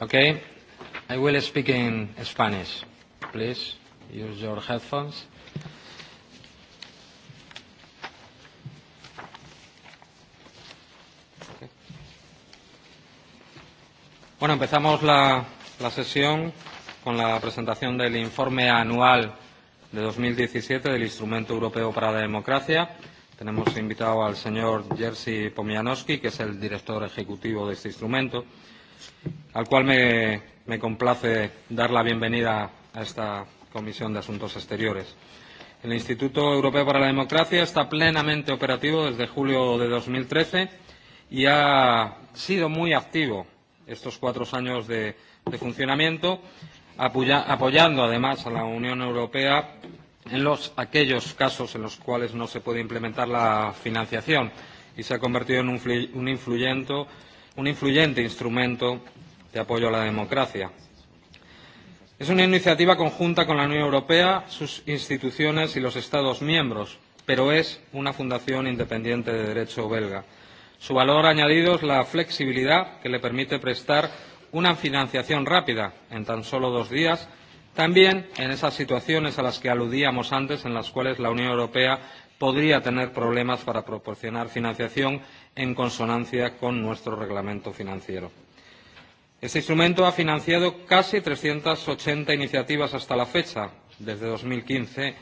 Okay, I will speak in Spanish. Please use your headphones. Bueno, empezamos la, la sesión con la presentación del informe anual de 2017 del Instrumento Europeo para la Democracia. Tenemos invitado al señor Jerzy Pomianowski, que es el director ejecutivo de este instrumento al cual me, me complace dar la bienvenida a esta Comisión de Asuntos Exteriores. El Instituto Europeo para la Democracia está plenamente operativo desde julio de 2013 y ha sido muy activo estos cuatro años de, de funcionamiento, apoya, apoyando además a la Unión Europea en los, aquellos casos en los cuales no se puede implementar la financiación y se ha convertido en un, un, influyente, un influyente instrumento de apoyo a la democracia. Es una iniciativa conjunta con la Unión Europea, sus instituciones y los Estados miembros, pero es una fundación independiente de derecho belga. Su valor añadido es la flexibilidad que le permite prestar una financiación rápida en tan solo dos días, también en esas situaciones a las que aludíamos antes, en las cuales la Unión Europea podría tener problemas para proporcionar financiación en consonancia con nuestro reglamento financiero. Este instrumento ha financiado casi 380 iniciativas hasta la fecha, desde 2015,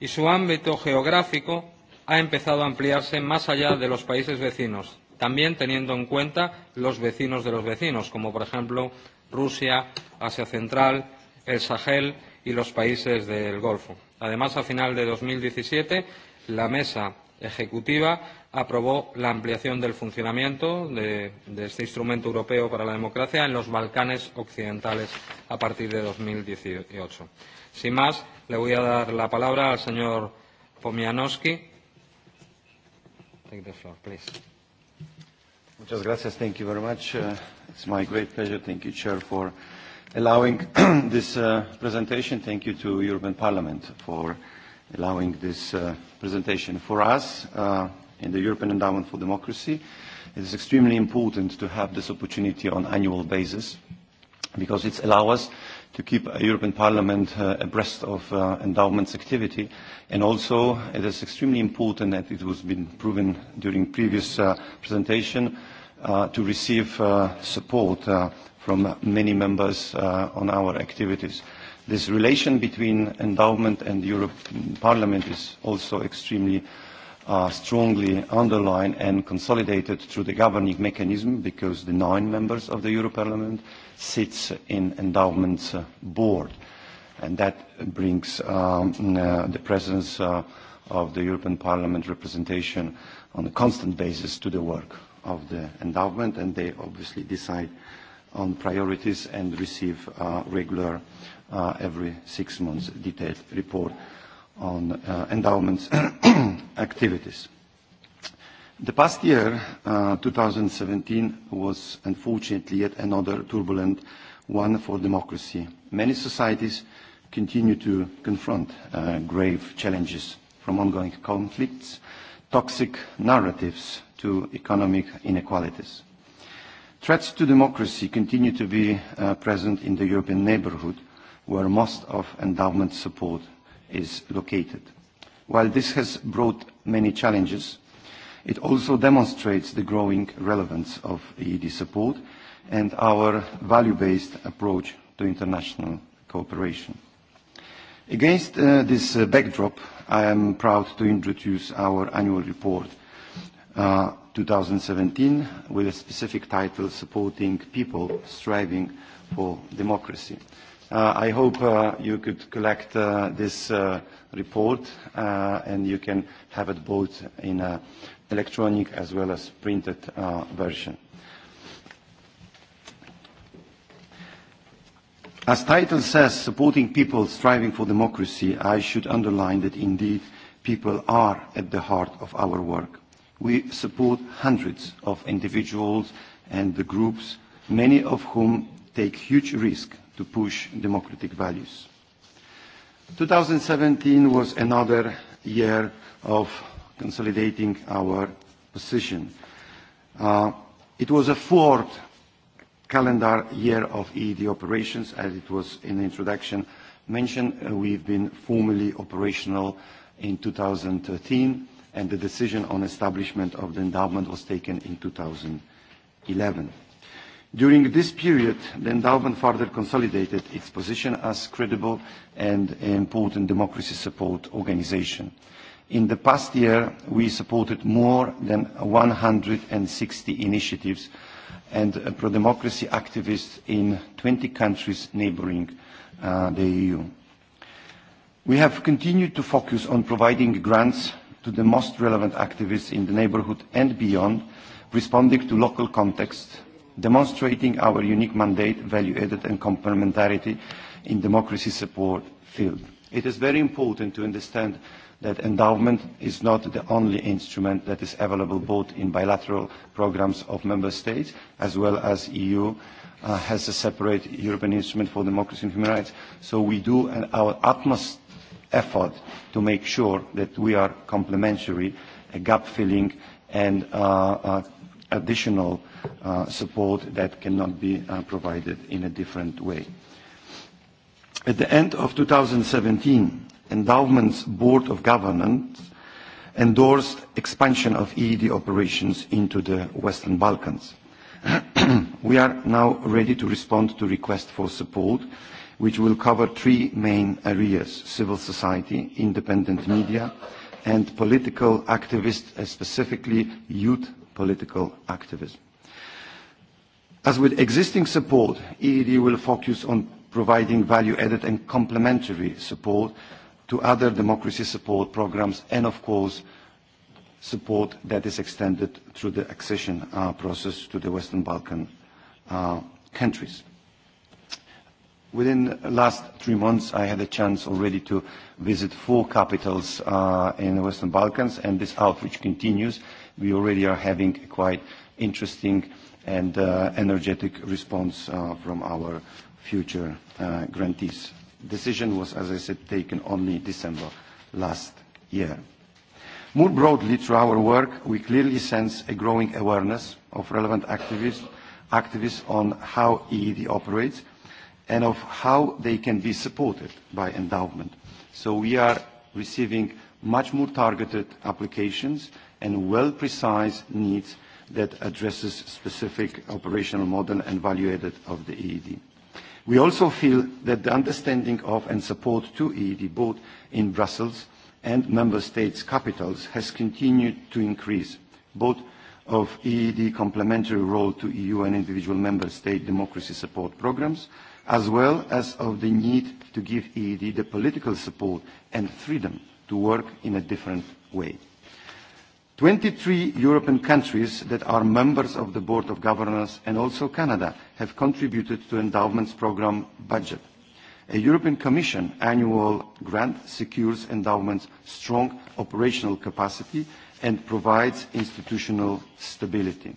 y su ámbito geográfico ha empezado a ampliarse más allá de los países vecinos, también teniendo en cuenta los vecinos de los vecinos, como por ejemplo Rusia, Asia Central, el Sahel y los países del Golfo. Además, a final de 2017, la Mesa Ejecutiva aprobó la ampliación del funcionamiento de, de este instrumento europeo para la democracia en los Balcanes occidentales a partir de 2018. Sin más, le voy a dar la palabra al señor Pomianowski. Take the floor, please. Muchas gracias. Thank you very much. Uh, it's my great pleasure. Thank you, Chair, for allowing this uh, presentation. Thank you to European Parliament for allowing this uh, presentation. For us, uh, in the European Endowment for Democracy, it is extremely important to have this opportunity on an annual basis because it allows us to keep a European Parliament uh, abreast of uh, endowment's activity and also it is extremely important that it has been proven during previous uh, presentation uh, to receive uh, support uh, from many members uh, on our activities. This relation between endowment and the European Parliament is also extremely uh, strongly underlined and consolidated through the governing mechanism because the nine members of the Euro Parliament sits in endowment uh, board. And that brings um, uh, the presence uh, of the European Parliament representation on a constant basis to the work of the endowment and they obviously decide on priorities and receive uh, regular uh, every six months detailed report on uh, endowments activities. The past year, uh, 2017, was unfortunately yet another turbulent one for democracy. Many societies continue to confront uh, grave challenges from ongoing conflicts, toxic narratives to economic inequalities. Threats to democracy continue to be uh, present in the European neighborhood where most of endowment support is located. While this has brought many challenges, it also demonstrates the growing relevance of EED support and our value-based approach to international cooperation. Against uh, this uh, backdrop, I am proud to introduce our annual report uh, 2017 with a specific title, Supporting People Striving for Democracy. Uh, I hope uh, you could collect uh, this uh, report uh, and you can have it both in an uh, electronic as well as printed uh, version. As title says, supporting people striving for democracy, I should underline that indeed people are at the heart of our work. We support hundreds of individuals and the groups, many of whom take huge risks to push democratic values. 2017 was another year of consolidating our position. Uh, it was a fourth calendar year of EED operations, as it was in the introduction mentioned. Uh, we've been formally operational in 2013, and the decision on establishment of the endowment was taken in 2011. During this period, the endowment further consolidated its position as credible and important democracy support organization. In the past year, we supported more than 160 initiatives and pro-democracy activists in 20 countries neighboring uh, the EU. We have continued to focus on providing grants to the most relevant activists in the neighborhood and beyond, responding to local context demonstrating our unique mandate, value-added and complementarity in democracy support field. It is very important to understand that endowment is not the only instrument that is available both in bilateral programs of member states as well as EU uh, has a separate European instrument for democracy and human rights. So we do an, our utmost effort to make sure that we are complementary, a gap filling and uh, uh, additional uh, Uh, support that cannot be uh, provided in a different way. At the end of 2017, Endowment's Board of Governance endorsed expansion of EED operations into the Western Balkans. we are now ready to respond to requests for support, which will cover three main areas, civil society, independent media, and political activists, specifically youth political activism. As with existing support, EED will focus on providing value-added and complementary support to other democracy support programs and, of course, support that is extended through the accession uh, process to the Western Balkan uh, countries. Within the last three months, I had a chance already to visit four capitals uh, in the Western Balkans, and this outreach continues. We already are having quite interesting and uh, energetic response uh, from our future uh, grantees. Decision was, as I said, taken only December last year. More broadly, through our work, we clearly sense a growing awareness of relevant activists, activists on how EED operates and of how they can be supported by endowment. So we are receiving much more targeted applications and well-precise needs that addresses specific operational model and value added of the EED. We also feel that the understanding of and support to EED both in Brussels and member states' capitals has continued to increase, both of EED complementary role to EU and individual member state democracy support programs, as well as of the need to give EED the political support and freedom to work in a different way. 23 European countries that are members of the Board of Governors and also Canada have contributed to endowments program budget. A European Commission annual grant secures endowments strong operational capacity and provides institutional stability.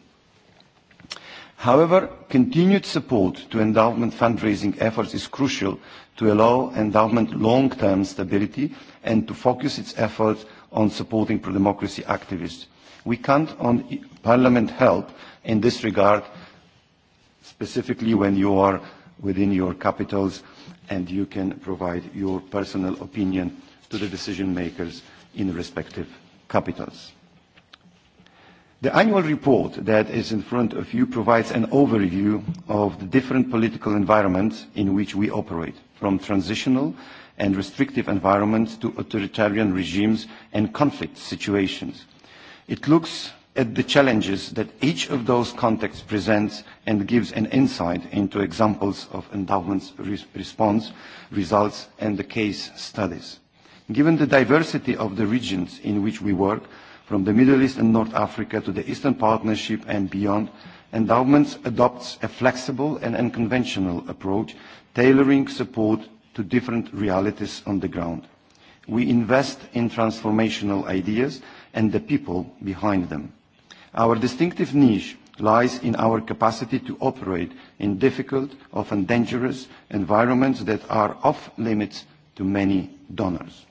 However, continued support to endowment fundraising efforts is crucial to allow endowment long-term stability and to focus its efforts on supporting pro-democracy activists. We count on Parliament help in this regard, specifically when you are within your capitals and you can provide your personal opinion to the decision makers in the respective capitals. The annual report that is in front of you provides an overview of the different political environments in which we operate, from transitional and restrictive environments to authoritarian regimes and conflict situations. It looks at the challenges that each of those contexts presents and gives an insight into examples of endowments response, results and the case studies. Given the diversity of the regions in which we work, from the Middle East and North Africa to the Eastern Partnership and beyond, endowments adopts a flexible and unconventional approach, tailoring support to different realities on the ground. We invest in transformational ideas and the people behind them. Our distinctive niche lies in our capacity to operate in difficult, often dangerous environments that are off limits to many donors.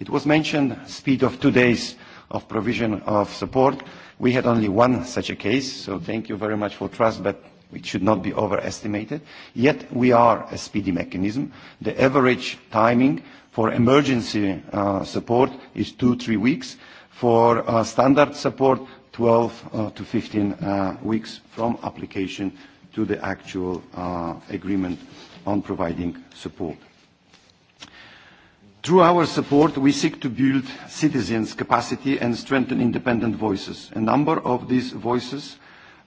It was mentioned speed of two days of provision of support. We had only one such a case, so thank you very much for trust, but which should not be overestimated. Yet we are a speedy mechanism. The average timing for emergency uh, support is two, three weeks. For uh, standard support, 12 uh, to 15 uh, weeks from application to the actual uh, agreement on providing support. Through our support, we seek to build citizens' capacity and strengthen independent voices. A number of these voices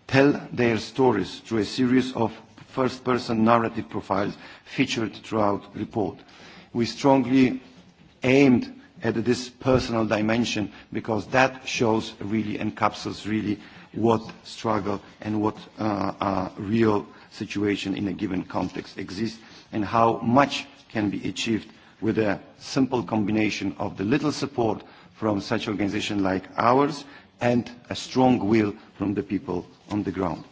tell their stories through a series of first-person narrative profiles featured throughout the report. We strongly aimed at this personal dimension because that shows really encapsulates really what struggle and what uh, uh, real situation in a given context exists and how much can be achieved with a simple combination of the little support from such organizations like ours and a strong will from the people on the ground.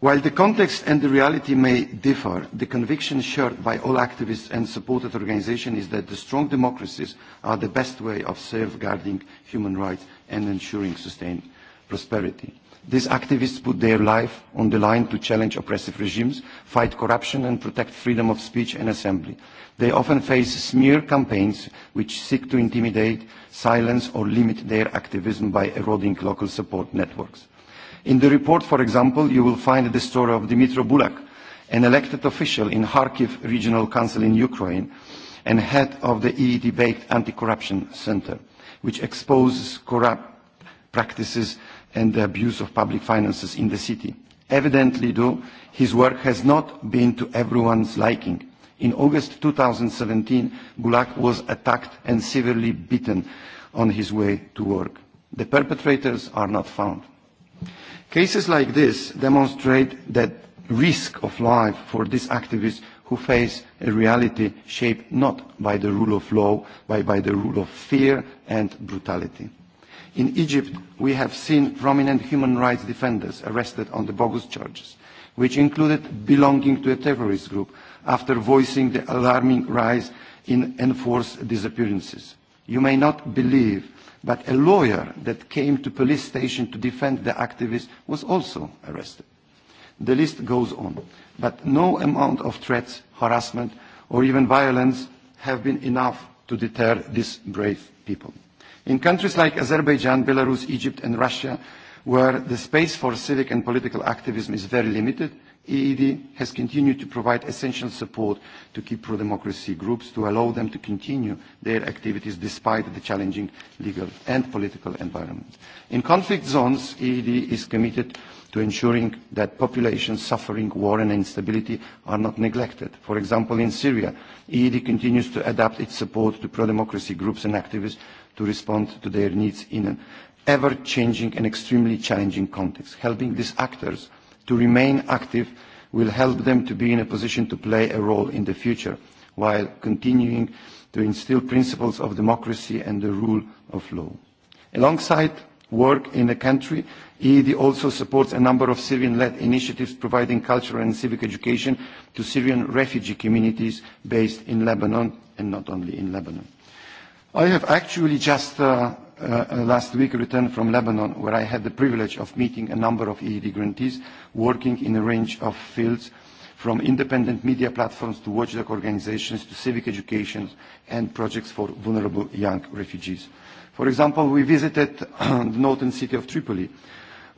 While the context and the reality may differ, the conviction shared by all activists and supported organizations is that the strong democracies are the best way of safeguarding human rights and ensuring sustained prosperity. These activists put their life on the line to challenge oppressive regimes, fight corruption and protect freedom of speech and assembly. They often face smear campaigns which seek to intimidate, silence or limit their activism by eroding local support networks. In the report, for example, you will find the story of Dmitro Bulak, an elected official in Kharkiv Regional Council in Ukraine and head of the EED-based Anti-Corruption Center, which exposes corrupt practices and the abuse of public finances in the city. Evidently, though, his work has not been to everyone's liking. In August 2017, Gulak was attacked and severely beaten on his way to work. The perpetrators are not found. Cases like this demonstrate that risk of life for these activists who face a reality shaped not by the rule of law, but by the rule of fear and brutality. In Egypt, we have seen prominent human rights defenders arrested on the bogus charges, which included belonging to a terrorist group after voicing the alarming rise in enforced disappearances. You may not believe, but a lawyer that came to police station to defend the activist was also arrested. The list goes on, but no amount of threats, harassment, or even violence have been enough to deter these brave people. In countries like Azerbaijan, Belarus, Egypt and Russia, where the space for civic and political activism is very limited, EED has continued to provide essential support to key pro-democracy groups to allow them to continue their activities despite the challenging legal and political environment. In conflict zones, EED is committed to ensuring that populations suffering war and instability are not neglected. For example, in Syria, EED continues to adapt its support to pro-democracy groups and activists to respond to their needs in an ever-changing and extremely challenging context. Helping these actors to remain active will help them to be in a position to play a role in the future while continuing to instill principles of democracy and the rule of law. Alongside work in the country, EED also supports a number of Syrian-led initiatives providing cultural and civic education to Syrian refugee communities based in Lebanon and not only in Lebanon. I have actually just uh, uh, uh, last week returned from Lebanon, where I had the privilege of meeting a number of EED grantees working in a range of fields, from independent media platforms to watchdog organizations to civic education and projects for vulnerable young refugees. For example, we visited the northern city of Tripoli,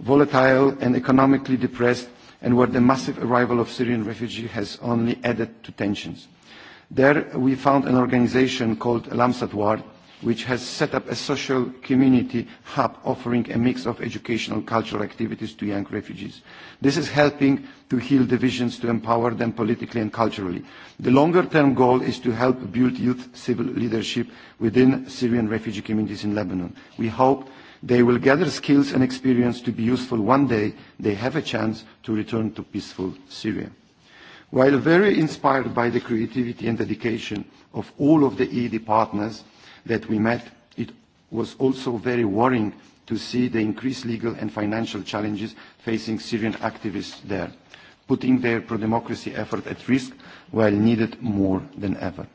volatile and economically depressed, and where the massive arrival of Syrian refugees has only added to tensions. There we found an organization called Lamsat Ward, which has set up a social community hub offering a mix of educational and cultural activities to young refugees. This is helping to heal divisions, to empower them politically and culturally. The longer-term goal is to help build youth civil leadership within Syrian refugee communities in Lebanon. We hope they will gather skills and experience to be useful one day they have a chance to return to peaceful Syria. While very inspired by the creativity and dedication of all of the ED partners that we met, it was also very worrying to see the increased legal and financial challenges facing Syrian activists there, putting their pro-democracy effort at risk while needed more than ever.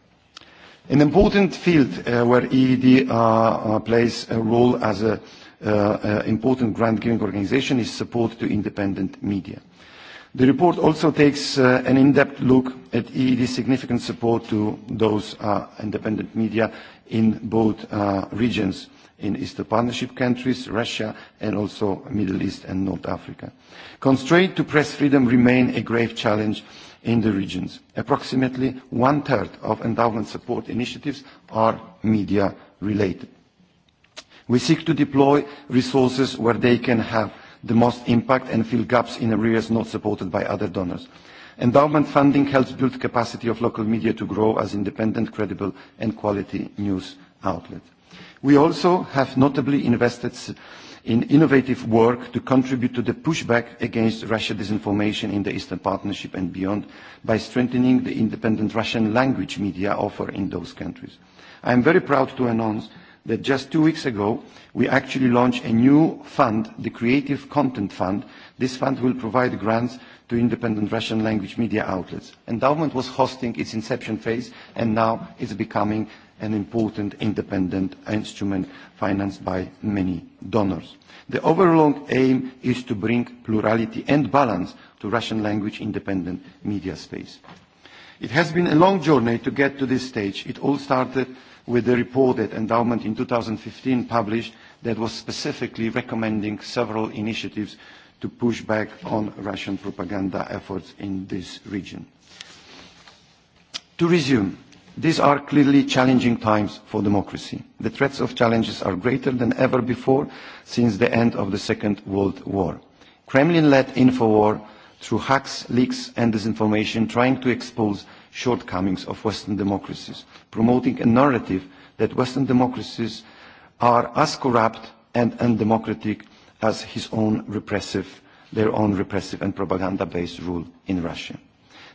An important field uh, where EED uh, uh, plays a role as an uh, uh, important grant-giving organization is support to independent media. The report also takes uh, an in-depth look at EED's significant support to those uh, independent media in both uh, regions, in Eastern Partnership countries, Russia, and also Middle East and North Africa. Constraint to press freedom remain a grave challenge in the regions. Approximately one-third of endowment support initiatives are media-related. We seek to deploy resources where they can have the most impact and fill gaps in areas not supported by other donors. Endowment funding helps build capacity of local media to grow as independent, credible and quality news outlet. We also have notably invested in innovative work to contribute to the pushback against Russia disinformation in the Eastern Partnership and beyond by strengthening the independent Russian language media offer in those countries. I am very proud to announce that just two weeks ago we actually launched a new fund, the Creative Content Fund. This fund will provide grants to independent Russian language media outlets. Endowment was hosting its inception phase and now it's becoming an important independent instrument financed by many donors. The overall aim is to bring plurality and balance to Russian language independent media space. It has been a long journey to get to this stage. It all started with the report that Endowment in 2015 published that was specifically recommending several initiatives to push back on Russian propaganda efforts in this region. To resume, these are clearly challenging times for democracy. The threats of challenges are greater than ever before since the end of the Second World War. Kremlin-led info war through hacks, leaks and disinformation trying to expose shortcomings of Western democracies, promoting a narrative that Western democracies are as corrupt and undemocratic as his own repressive, their own repressive and propaganda-based rule in Russia.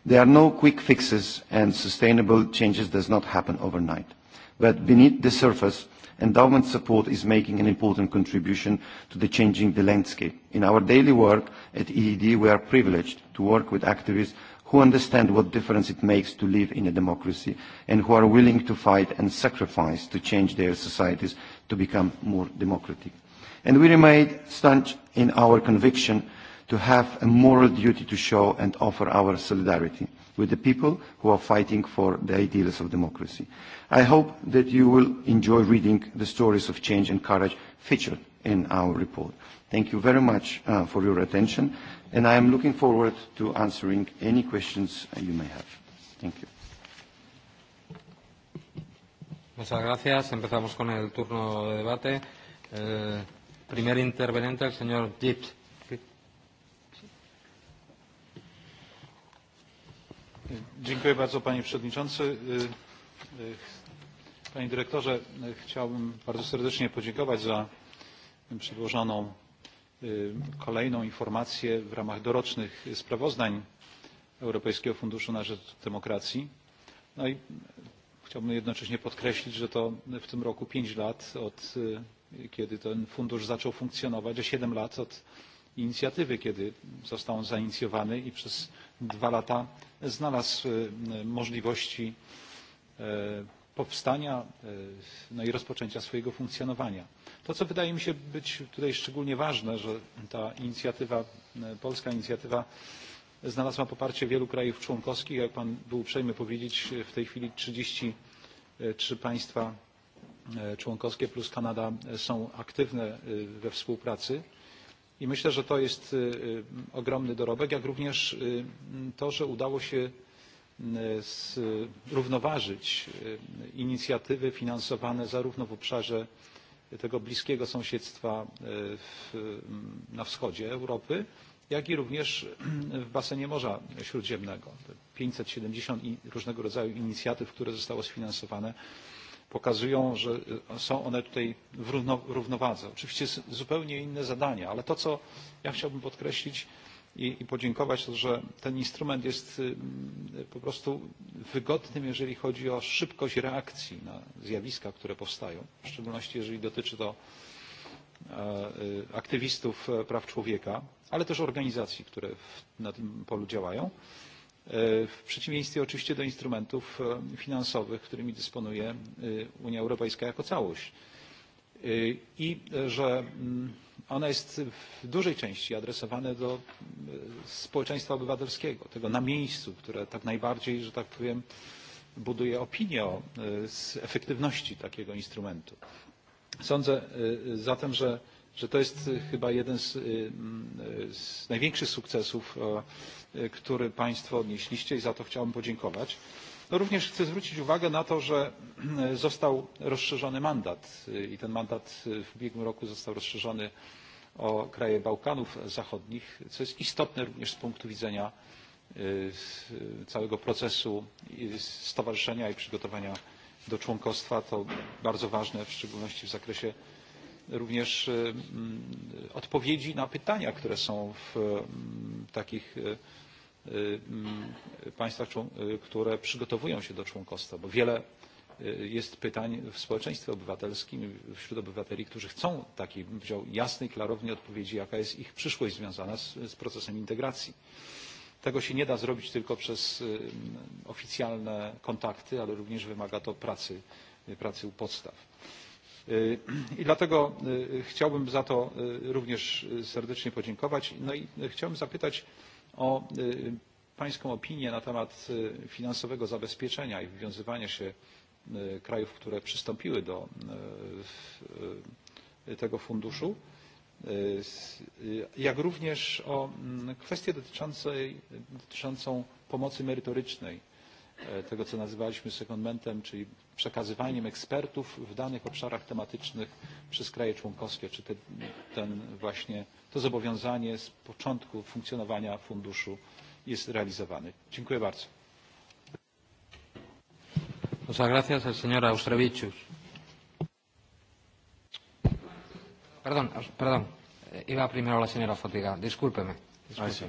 There are no quick fixes and sustainable changes does not happen overnight. But beneath the surface, endowment support is making an important contribution to the changing the landscape. In our daily work at EED, we are privileged to work with activists who understand what difference it makes to live in a democracy and who are willing to fight and sacrifice to change their societies to become more democratic. And we remain staunch in our conviction to have a moral duty to show and offer our solidarity with the people who are fighting for the ideals of democracy. I hope that you will enjoy reading the stories of change and courage featured in our report. Thank you very much uh, for your attention and I am looking forward to answering any questions uh, you may have. Thank you. Muchas gracias. Empezamos con el turno de debate. Eh, primer interveniente, el señor Gibbs. Dziękuję bardzo panie przewodniczący. E, e, panie dyrektorze, e, chciałbym bardzo serdecznie podziękować za przedłożoną kolejną informację w ramach dorocznych sprawozdań Europejskiego Funduszu na Rzecz Demokracji. No i chciałbym jednocześnie podkreślić, że to w tym roku pięć lat od kiedy ten fundusz zaczął funkcjonować, a siedem lat od inicjatywy, kiedy został on zainicjowany i przez dwa lata znalazł możliwości powstania e, no i rozpoczęcia swojego funkcjonowania. To, co wydaje mi się być tutaj szczególnie ważne, że ta inicjatywa, e, polska inicjatywa znalazła poparcie wielu krajów członkowskich. Jak Pan był uprzejmy powiedzieć, w tej chwili 33 państwa e, członkowskie plus Kanada są aktywne we współpracy. I myślę, że to jest ogromny dorobek, jak również to, że udało się E, zrównoważyć e, inicjatywy finansowane zarówno w obszarze tego bliskiego sąsiedztwa e, w, na wschodzie Europy, jak i również w basenie Morza Śródziemnego. 570 siedemdziesiąt różnego rodzaju inicjatyw, które zostały sfinansowane, pokazują, że są one tutaj w równowadze. Oczywiście zupełnie inne zadania, ale to, co ja chciałbym podkreślić, i, i podziękować, że ten instrument jest po prostu wygodnym, jeżeli chodzi o szybkość reakcji na zjawiska, które powstają, w szczególności jeżeli dotyczy to e, aktywistów e, praw człowieka, ale też organizacji, które na tym polu działają. E, w przeciwieństwie oczywiście do instrumentów finansowych, którymi dysponuje Unia Europejska jako całość. I że mm, ona jest w dużej części adresowana do e, społeczeństwa obywatelskiego, tego na miejscu, które tak najbardziej, że tak powiem, buduje opinię o e, z efektywności takiego instrumentu. Sądzę e, zatem, że, że to jest chyba jeden z, z największych sukcesów, który Państwo odnieśliście i za to chciałbym podziękować. No również chcę zwrócić uwagę na to, że e, został rozszerzony mandat e, i ten mandat e, w ubiegłym roku został rozszerzony o kraje Bałkanów Zachodnich, co jest istotne również z punktu widzenia całego procesu stowarzyszenia i przygotowania do członkostwa. To bardzo ważne, w szczególności w zakresie również odpowiedzi na pytania, które są w takich państwach, które przygotowują się do członkostwa, bo wiele jest pytań w społeczeństwie obywatelskim, wśród obywateli, którzy chcą takiej, wziął jasnej, klarownej odpowiedzi, jaka jest ich przyszłość związana z, z procesem integracji. Tego się nie da zrobić tylko przez oficjalne kontakty, ale również wymaga to pracy, pracy u podstaw. I dlatego chciałbym za to również serdecznie podziękować. No i chciałbym zapytać, o pańską opinię na temat finansowego zabezpieczenia i wywiązywania się krajów, które przystąpiły do tego funduszu, jak również o mm, kwestię dotyczącą pomocy merytorycznej E, tego, co nazywaliśmy sekundmentem, czyli przekazywaniem ekspertów w danych obszarach tematycznych przez kraje członkowskie, czy te, ten właśnie, to zobowiązanie z początku funkcjonowania funduszu jest realizowane. Dziękuję bardzo. Muchas gracias, el señor Perdón, perdón. Iba primero la señora Fotiga. Discúlpeme. discúlpeme. Ah, sí.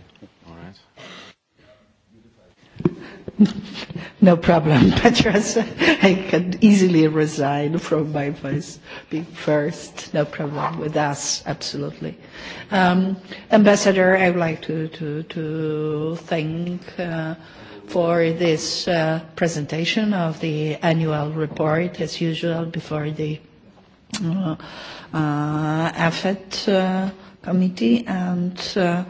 No problem, Petras. I can easily resign from my voice being first. No problem with us, absolutely. Um, Ambassador, I would like to, to, to thank uh, for this uh, presentation of the annual report, as usual, before the uh, uh, AFET uh, committee. And... Uh,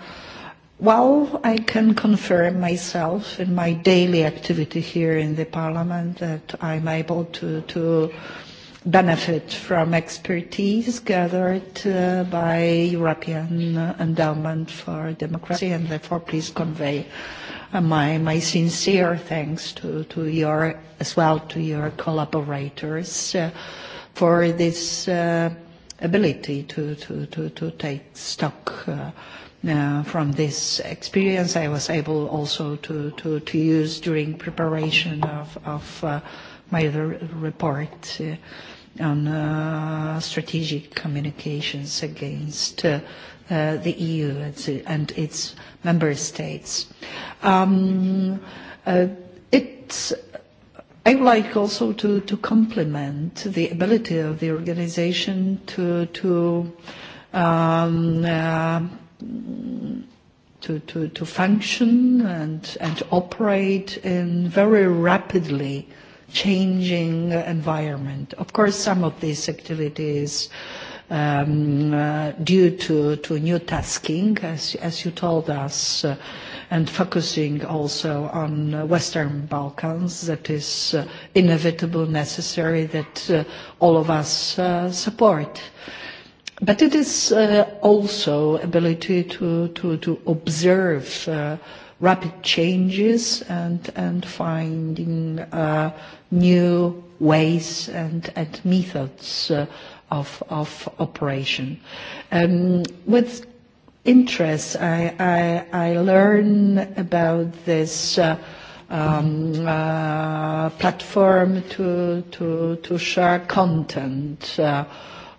Well, I can confirm myself in my daily activity here in the Parliament that I'm able to, to benefit from expertise gathered uh, by European Endowment for Democracy and therefore please convey uh, my, my sincere thanks to, to your, as well to your collaborators uh, for this uh, ability to, to, to, to take stock uh, uh, from this experience I was able also to, to, to use during preparation of, of uh, my report uh, on uh, strategic communications against uh, uh, the EU and, and its member states. Um, uh, it's I would like also to, to compliment the ability of the organization to, to um, uh, to, to, to function and, and operate in very rapidly changing environment. Of course, some of these activities um, uh, due to, to new tasking, as, as you told us, uh, and focusing also on uh, Western Balkans, that is uh, inevitable, necessary, that uh, all of us uh, support. Uh, But it is uh, also ability to, to, to observe uh, rapid changes and, and finding uh, new ways and, and methods uh, of, of operation. Um, with interest, I, I, I learn about this uh, um, uh, platform to, to, to share content uh,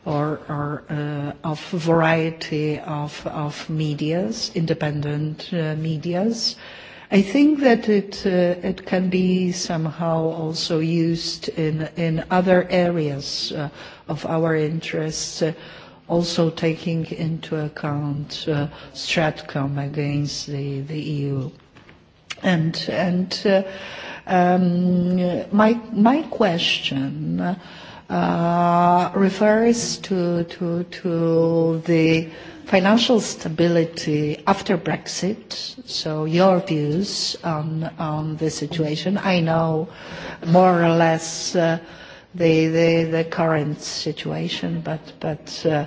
or, or uh, of variety of, of medias, independent uh, medias. I think that it, uh, it can be somehow also used in, in other areas uh, of our interests, uh, also taking into account uh, Stratcom against the, the EU. And, and uh, um, my, my question uh, uh, refers to, to, to the financial stability after Brexit. So your views on, on the situation. I know more or less uh, the, the, the current situation, but, but uh,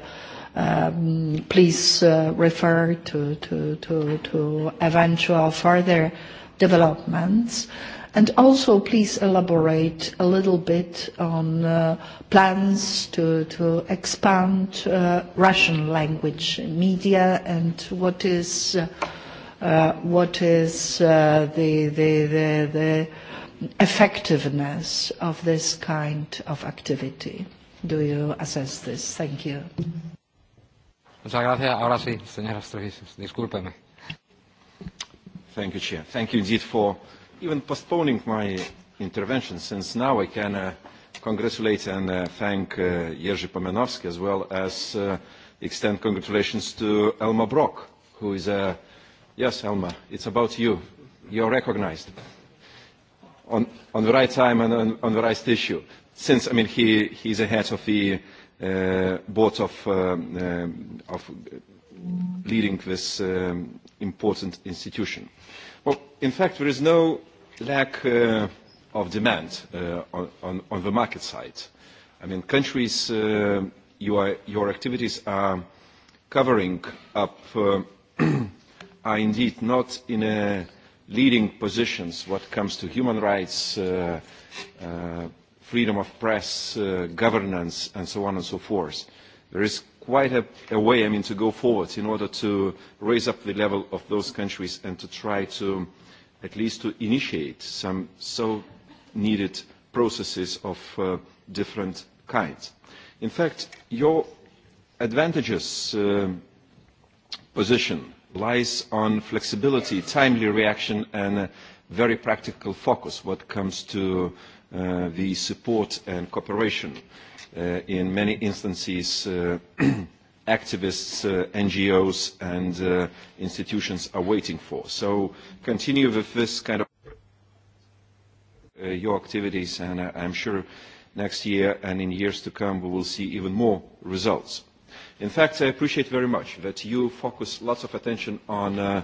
um, please uh, refer to, to, to, to eventual further developments. And also, please elaborate a little bit on uh, plans to, to expand uh, Russian language media and what is, uh, uh, what is uh, the, the, the, the effectiveness of this kind of activity. Do you assess this? Thank you. Muchas gracias. Ahora sí, señora Strujis, Thank you, Chair. Thank you indeed for even postponing my intervention, since now I can uh, congratulate and uh, thank uh, Jerzy Pomenowski as well as uh, extend congratulations to Elma Brock, who is a, uh, yes, Elma, it's about you. You're recognized on, on the right time and on, on the right issue. Since, I mean, he, he's a head of the uh, board of, um, um, of leading this um, important institution. Uh, Well, in fact, there is no lack uh, of demand uh, on, on, on the market side. I mean, countries, uh, you are, your activities are covering up uh, are indeed not in a leading positions what comes to human rights, uh, uh, freedom of press, uh, governance, and so on and so forth. There is quite a, a way, I mean, to go forward in order to raise up the level of those countries and to try to at least to initiate some so needed processes of uh, different kinds. In fact, your advantageous uh, position lies on flexibility, timely reaction, and a very practical focus what comes to uh, the support and cooperation. Uh, Uh, in many instances, uh, activists, uh, NGOs and uh, institutions are waiting for. So continue with this kind of uh, your activities and uh, I'm sure next year and in years to come we will see even more results. In fact, I appreciate very much that you focus lots of attention on uh,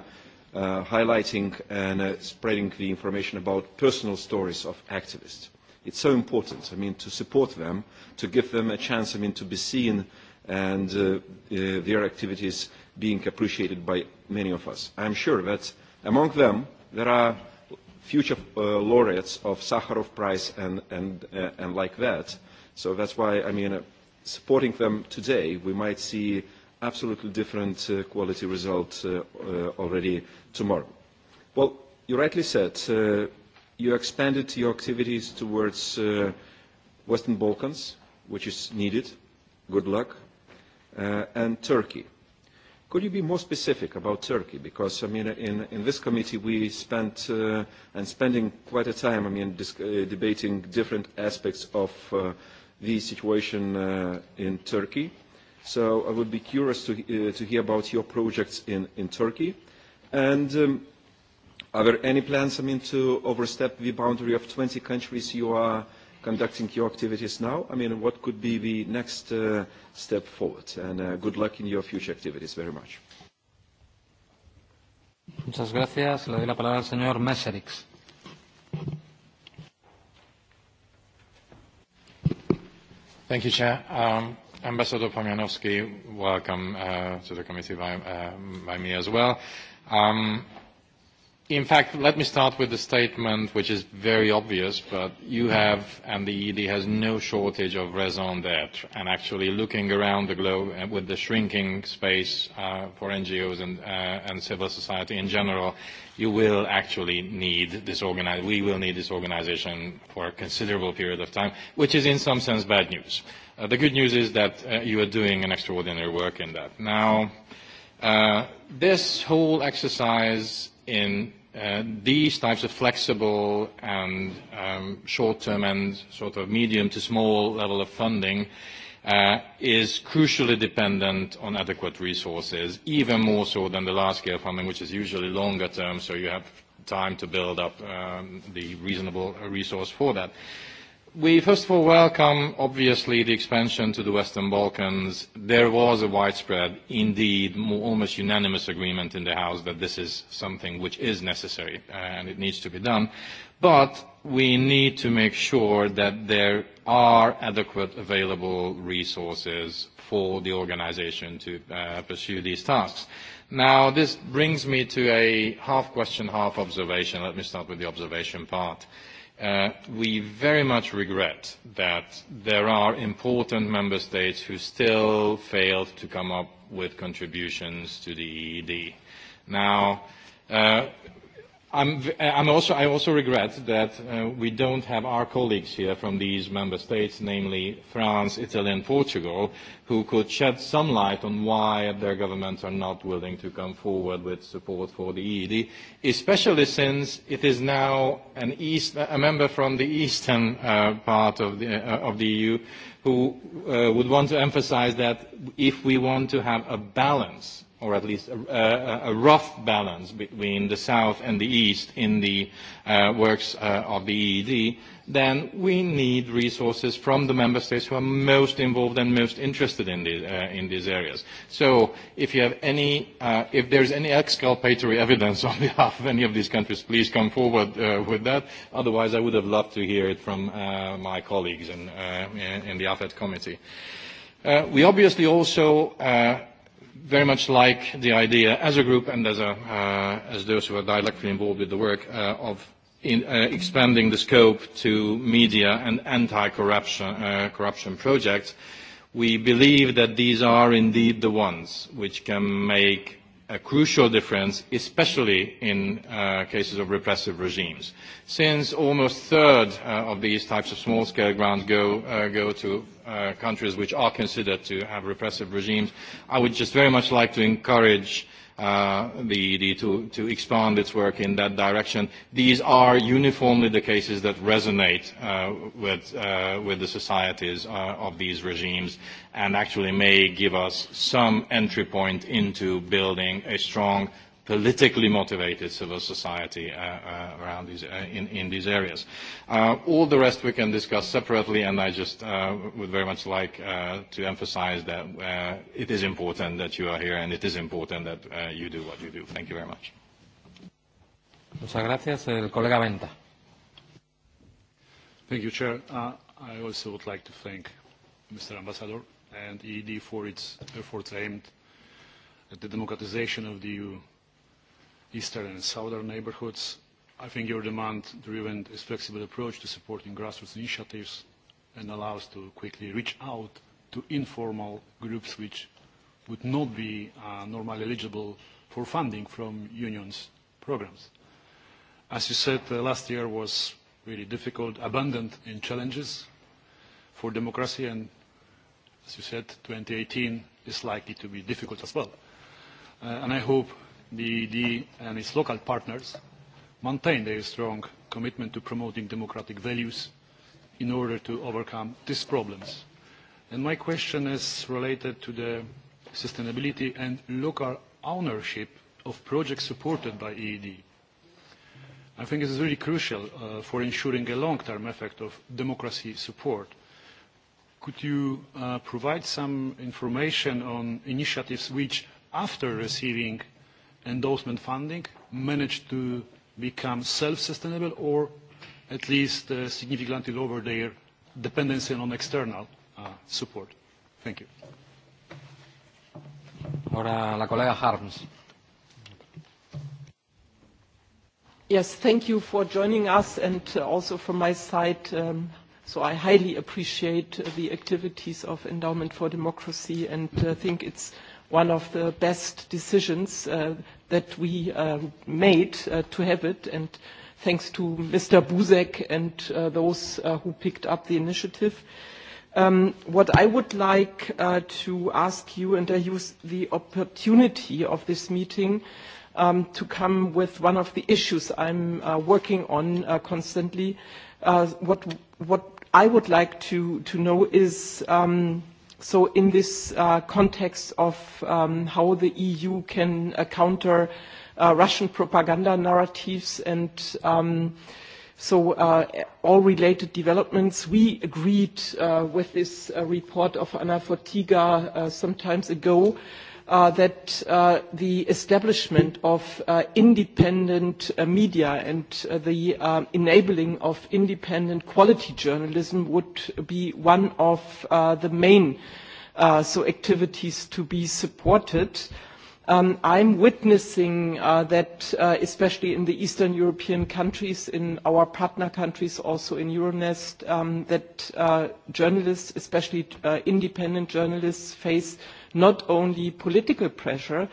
uh, highlighting and uh, spreading the information about personal stories of activists. It's so important, I mean, to support them, to give them a chance, I mean, to be seen and uh, uh, their activities being appreciated by many of us. I'm sure that among them there are future uh, laureates of Sakharov Prize and, and, uh, and like that. So that's why, I mean, uh, supporting them today, we might see absolutely different uh, quality results uh, uh, already tomorrow. Well, you rightly said, uh, you expanded your activities towards uh, Western Balkans, which is needed. Good luck. Uh, and Turkey. Could you be more specific about Turkey? Because, I mean, in, in this committee we spent, uh, and spending quite a time, I mean, uh, debating different aspects of uh, the situation uh, in Turkey. So I would be curious to, uh, to hear about your projects in, in Turkey. And um, Are there any plans, I mean, to overstep the boundary of 20 countries you are conducting your activities now? I mean, what could be the next uh, step forward? And uh, good luck in your future activities very much. Muchas gracias. Le doy la palabra al señor Meserix. Thank you, Chair. Um, Ambassador Pomianowski, welcome uh, to the committee by, uh, by me as well. Um, In fact, let me start with the statement which is very obvious, but you have, and the ED has no shortage of raison d'etre, and actually looking around the globe uh, with the shrinking space uh, for NGOs and, uh, and civil society in general, you will actually need this organization. we will need this organization for a considerable period of time, which is in some sense bad news. Uh, the good news is that uh, you are doing an extraordinary work in that. Now, uh, this whole exercise in uh, these types of flexible and um, short-term and sort of medium to small level of funding uh, is crucially dependent on adequate resources, even more so than the large-scale funding, which is usually longer term, so you have time to build up um, the reasonable resource for that we first of all welcome, obviously, the expansion to the Western Balkans. There was a widespread, indeed, more, almost unanimous agreement in the House that this is something which is necessary and it needs to be done. But we need to make sure that there are adequate available resources for the organization to uh, pursue these tasks. Now, this brings me to a half question, half observation. Let me start with the observation part. Uh, we very much regret that there are important member states who still failed to come up with contributions to the EED. Now, uh, I'm, I'm also, I also regret that uh, we don't have our colleagues here from these member states, namely France, Italy and Portugal, who could shed some light on why their governments are not willing to come forward with support for the EED, especially since it is now an East, a member from the eastern uh, part of the, uh, of the EU who uh, would want to emphasize that if we want to have a balance or at least a, a, a rough balance between the South and the East in the uh, works uh, of the EED, then we need resources from the member states who are most involved and most interested in, the, uh, in these areas. So if you have any, uh, if there's any exculpatory evidence on behalf of any of these countries, please come forward uh, with that. Otherwise, I would have loved to hear it from uh, my colleagues in, uh, in, the AFET committee. Uh, we obviously also uh, very much like the idea as a group and as, a, uh, as those who are directly involved with the work uh, of in, uh, expanding the scope to media and anti-corruption uh, corruption projects, we believe that these are indeed the ones which can make a crucial difference, especially in uh, cases of repressive regimes. Since almost a third uh, of these types of small-scale grounds go, uh, go to uh, countries which are considered to have repressive regimes, I would just very much like to encourage uh, the, the, to, to expand its work in that direction. These are uniformly the cases that resonate uh, with, uh, with the societies uh, of these regimes and actually may give us some entry point into building a strong politically motivated civil society uh, uh, around these, uh, in, in these areas. Uh, all the rest we can discuss separately, and I just uh, would very much like uh, to emphasize that uh, it is important that you are here, and it is important that uh, you do what you do. Thank you very much. Muchas gracias. El colega Venta. Thank you, Chair. Uh, I also would like to thank Mr. Ambassador and ED for its efforts aimed at the democratization of the EU eastern and southern neighborhoods. I think your demand-driven is flexible approach to supporting grassroots initiatives and allows to quickly reach out to informal groups which would not be uh, normally eligible for funding from unions programs. As you said, uh, last year was really difficult, abundant in challenges for democracy, and as you said, 2018 is likely to be difficult as well. Uh, and I hope the EED and its local partners maintain their strong commitment to promoting democratic values in order to overcome these problems. And my question is related to the sustainability and local ownership of projects supported by EED. I think it is really crucial uh, for ensuring a long-term effect of democracy support. Could you uh, provide some information on initiatives which, after receiving endorsement funding managed to become self-sustainable or at least uh, significantly lower their dependency on external uh, support. Thank you. Ora la collega Harms. Yes, thank you for joining us and uh, also from my side, um, so I highly appreciate uh, the activities of Endowment for Democracy and uh, think it's one of the best decisions uh, that we uh, made uh, to have it. And thanks to Mr. Buzek and uh, those uh, who picked up the initiative. Um, what I would like uh, to ask you, and I use the opportunity of this meeting, um, to come with one of the issues I'm uh, working on uh, constantly. Uh, what, what I would like to, to know is um, – so in this uh, context of um, how the EU can uh, counter uh, Russian propaganda narratives and um, so uh, all related developments, we agreed uh, with this uh, report of Anna Fortiga uh, some time ago uh, that uh, the establishment of uh, independent uh, media and uh, the uh, enabling of independent quality journalism would be one of uh, the main uh, so activities to be supported. Um, I'm witnessing uh, that, uh, especially in the Eastern European countries, in our partner countries, also in Euronest, um, that uh, journalists, especially uh, independent journalists, face not only political pressure,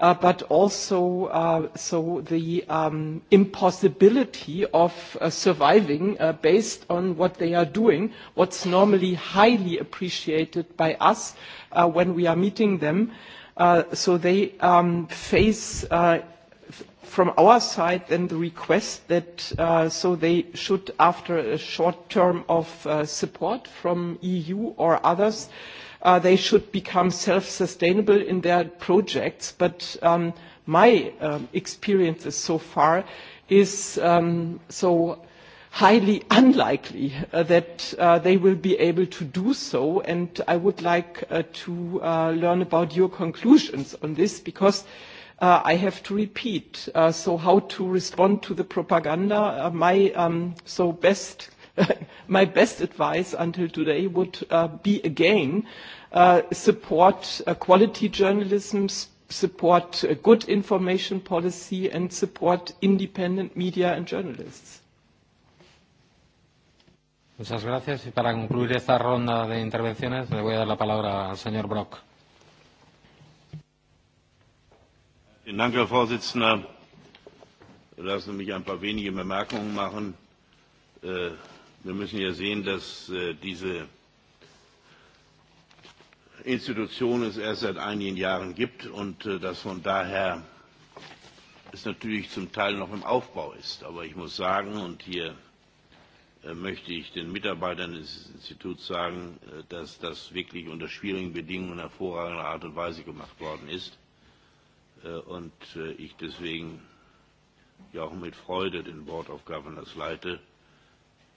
uh, but also uh, so the um, impossibility of uh, surviving uh, based on what they are doing, what's normally highly appreciated by us uh, when we are meeting them. Uh, so they um, face uh, from our side then the request that uh, so they should after a short term of uh, support from EU or others uh, uh, they should become self-sustainable in their projects. But um, my um, experiences so far is um, so highly unlikely uh, that uh, they will be able to do so. And I would like uh, to uh, learn about your conclusions on this because uh, I have to repeat. Uh, so how to respond to the propaganda, uh, my um, so best my best advice until today would uh, be again uh, support uh, quality journalism, support uh, good information policy, and support independent media and journalists. Muchas gracias. Y para concluir esta ronda de intervenciones, le voy a dar la palabra al señor Brock. Vielen Dank, Herr Vorsitzender. Lassen Sie mich ein paar wenige Bemerkungen machen. Äh, Wir müssen ja sehen, dass äh, diese Institution es erst seit einigen Jahren gibt und äh, dass von daher es natürlich zum Teil noch im Aufbau ist. Aber ich muss sagen, und hier äh, möchte ich den Mitarbeitern des Instituts sagen, äh, dass das wirklich unter schwierigen Bedingungen in hervorragender Art und Weise gemacht worden ist. Äh, und äh, ich deswegen ja auch mit Freude den Board of Governors leite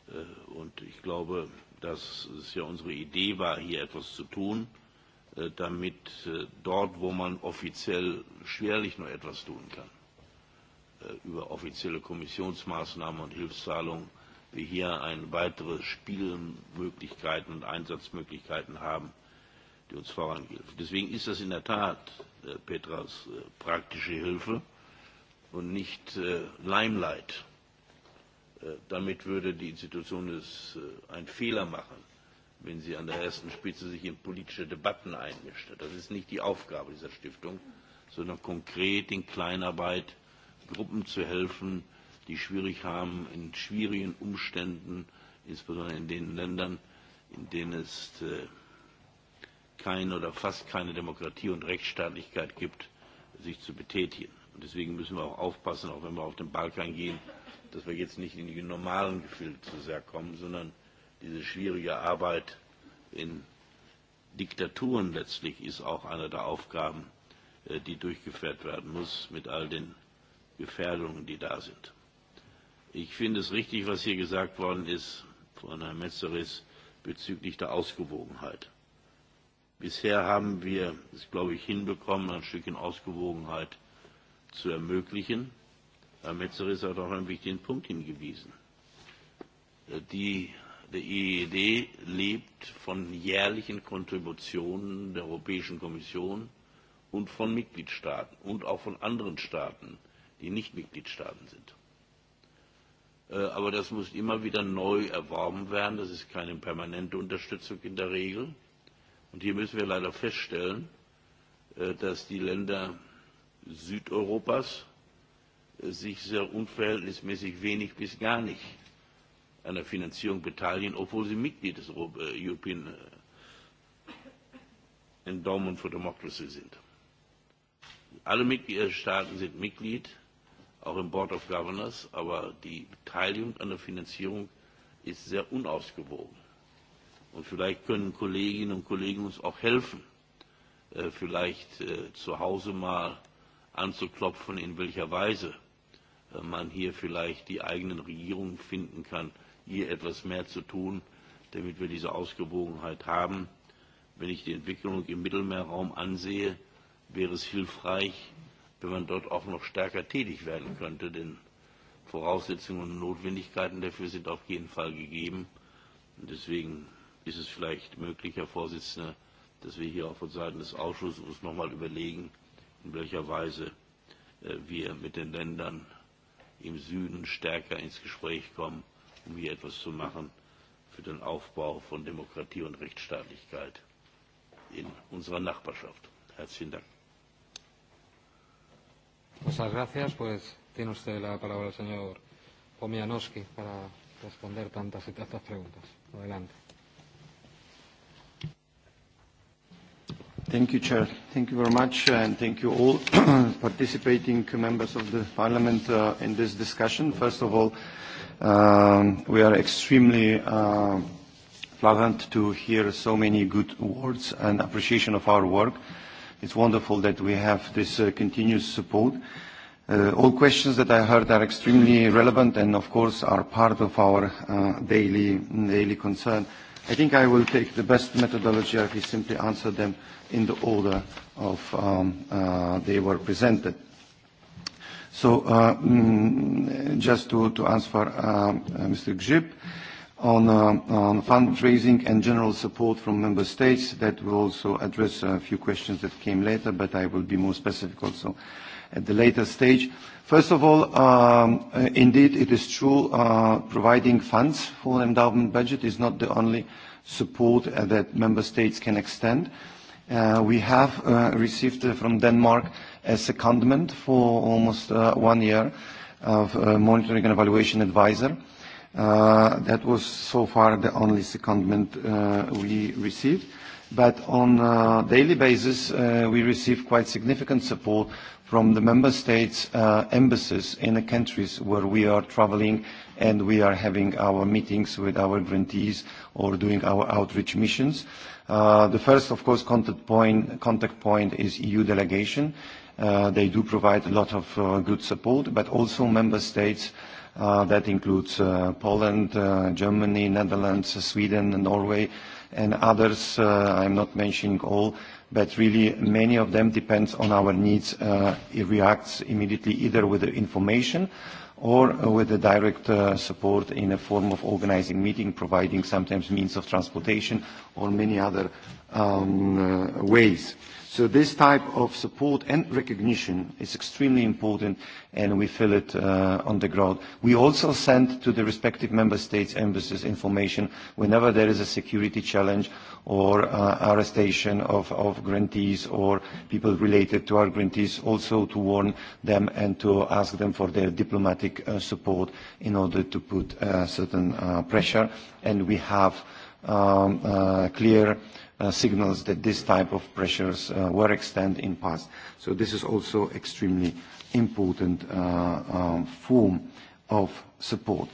Äh, und ich glaube, dass es ja unsere Idee war, hier etwas zu tun, äh, damit äh, dort, wo man offiziell schwerlich nur etwas tun kann, über offizielle Kommissionsmaßnahmen und Hilfszahlungen, wir hier eine weitere Spielmöglichkeiten und Einsatzmöglichkeiten haben, die uns vorangehen. Deswegen ist das in der Tat Petras praktische Hilfe und nicht Limelight Äh, damit würde die Institution es äh, einen Fehler machen, wenn sie an der ersten Spitze sich in politische Debatten einmischt. Das ist nicht die Aufgabe dieser Stiftung, sondern konkret in Kleinarbeit Gruppen zu helfen, die schwierig haben, in schwierigen Umständen, insbesondere in den Ländern, in denen es äh, keine oder fast keine Demokratie und Rechtsstaatlichkeit gibt, sich zu betätigen. Und deswegen müssen wir auch aufpassen, auch wenn wir auf den Balkan gehen, dass wir jetzt nicht in die normalen Gefühle zu sehr kommen, sondern diese schwierige Arbeit in Diktaturen letztlich ist auch eine der Aufgaben, äh, die durchgeführt werden muss mit all den Gefährdungen, die da sind. Ich finde es richtig, was hier gesagt worden ist von Herrn Metzeris bezüglich der Ausgewogenheit. Bisher haben wir es, glaube ich, hinbekommen, ein Stückchen Ausgewogenheit zu ermöglichen. Herr Metzeris hat auch einen wichtigen Punkt hingewiesen. Äh, die, die EED lebt von jährlichen Kontributionen der Europäischen Kommission und von Mitgliedstaaten und auch von anderen Staaten, die nicht Mitgliedstaaten sind. Äh, aber das muss immer wieder neu erworben werden. Das ist keine permanente Unterstützung in der Regel. Und hier müssen wir leider feststellen, äh, dass die Länder Südeuropas sich sehr unverhältnismäßig wenig bis gar nicht an der Finanzierung beteiligen, obwohl sie Mitglied des äh, European äh, Endowment for Democracy sind. Alle Mitgliedstaaten sind Mitglied, auch im Board of Governors, aber die Beteiligung an der Finanzierung ist sehr unausgewogen. Und vielleicht können Kolleginnen und Kollegen uns auch helfen, äh, vielleicht zu Hause mal anzuklopfen, in welcher Weise Äh, man hier vielleicht die eigenen Regierungen finden kann, hier etwas mehr zu tun, damit wir diese Ausgewogenheit haben. Wenn ich die Entwicklung im Mittelmeerraum ansehe, wäre es hilfreich, wenn man dort auch noch stärker tätig werden könnte, denn Voraussetzungen und Notwendigkeiten dafür sind auf jeden Fall gegeben. Und deswegen ist es vielleicht möglich, Herr Vorsitzender, dass wir hier auch von Seiten des Ausschusses uns nochmal überlegen, in welcher Weise äh, wir mit den Ländern im Süden stärker ins Gespräch kommen, um hier etwas zu machen für den Aufbau von Demokratie und Rechtsstaatlichkeit in unserer Nachbarschaft. Herzlichen Dank. Muchas gracias. Pues tiene usted la palabra el señor Pomianowski para responder tantas y tantas preguntas. Adelante. Thank you, Chair. Thank you very much, uh, and thank you all participating members of the Parliament uh, in this discussion. First of all, um, we are extremely uh, pleasant to hear so many good words and appreciation of our work. It's wonderful that we have this uh, continuous support. Uh, all questions that I heard are extremely relevant and, of course, are part of our uh, daily, daily concern. Uh, I think I will take the best methodology if we simply answer them in the order of um, uh, they were presented. So uh, mm, just to, to answer uh, uh Mr. Gzip, on, uh, on fundraising and general support from member states, that will also address a few questions that came later, but I will be more specific also at the later stage. First of all, um, uh, indeed, it is true uh, providing funds for endowment budget is not the only support uh, that member states can extend. Uh, we have uh, received uh, from Denmark a secondment for almost uh, one year of uh, monitoring and evaluation advisor. Uh, that was so far the only secondment uh, we received. But on a daily basis, uh, we receive quite significant support from the member states' uh, embassies in the countries where we are traveling and we are having our meetings with our grantees or doing our outreach missions. Uh, the first, of course, contact point, contact point is EU delegation. Uh, they do provide a lot of uh, good support, but also member states, uh, that includes uh, Poland, uh, Germany, Netherlands, Sweden, Norway, and others, uh, I'm not mentioning all, but really many of them depends on our needs. Uh, it reacts immediately either with the information or uh, with the direct uh, support in a form of organizing meeting, providing sometimes means of transportation or many other um, uh, ways. So this type of support and recognition is extremely important and we feel it uh, on the ground. We also send to the respective member states embassies information whenever there is a security challenge or uh, arrestation of, of grantees or people related to our grantees also to warn them and to ask them for their diplomatic uh, support in order to put uh, certain uh, pressure and we have um, uh, clear Uh, signals that this type of pressures uh, were extended in past. So this is also extremely important uh, um, form of support.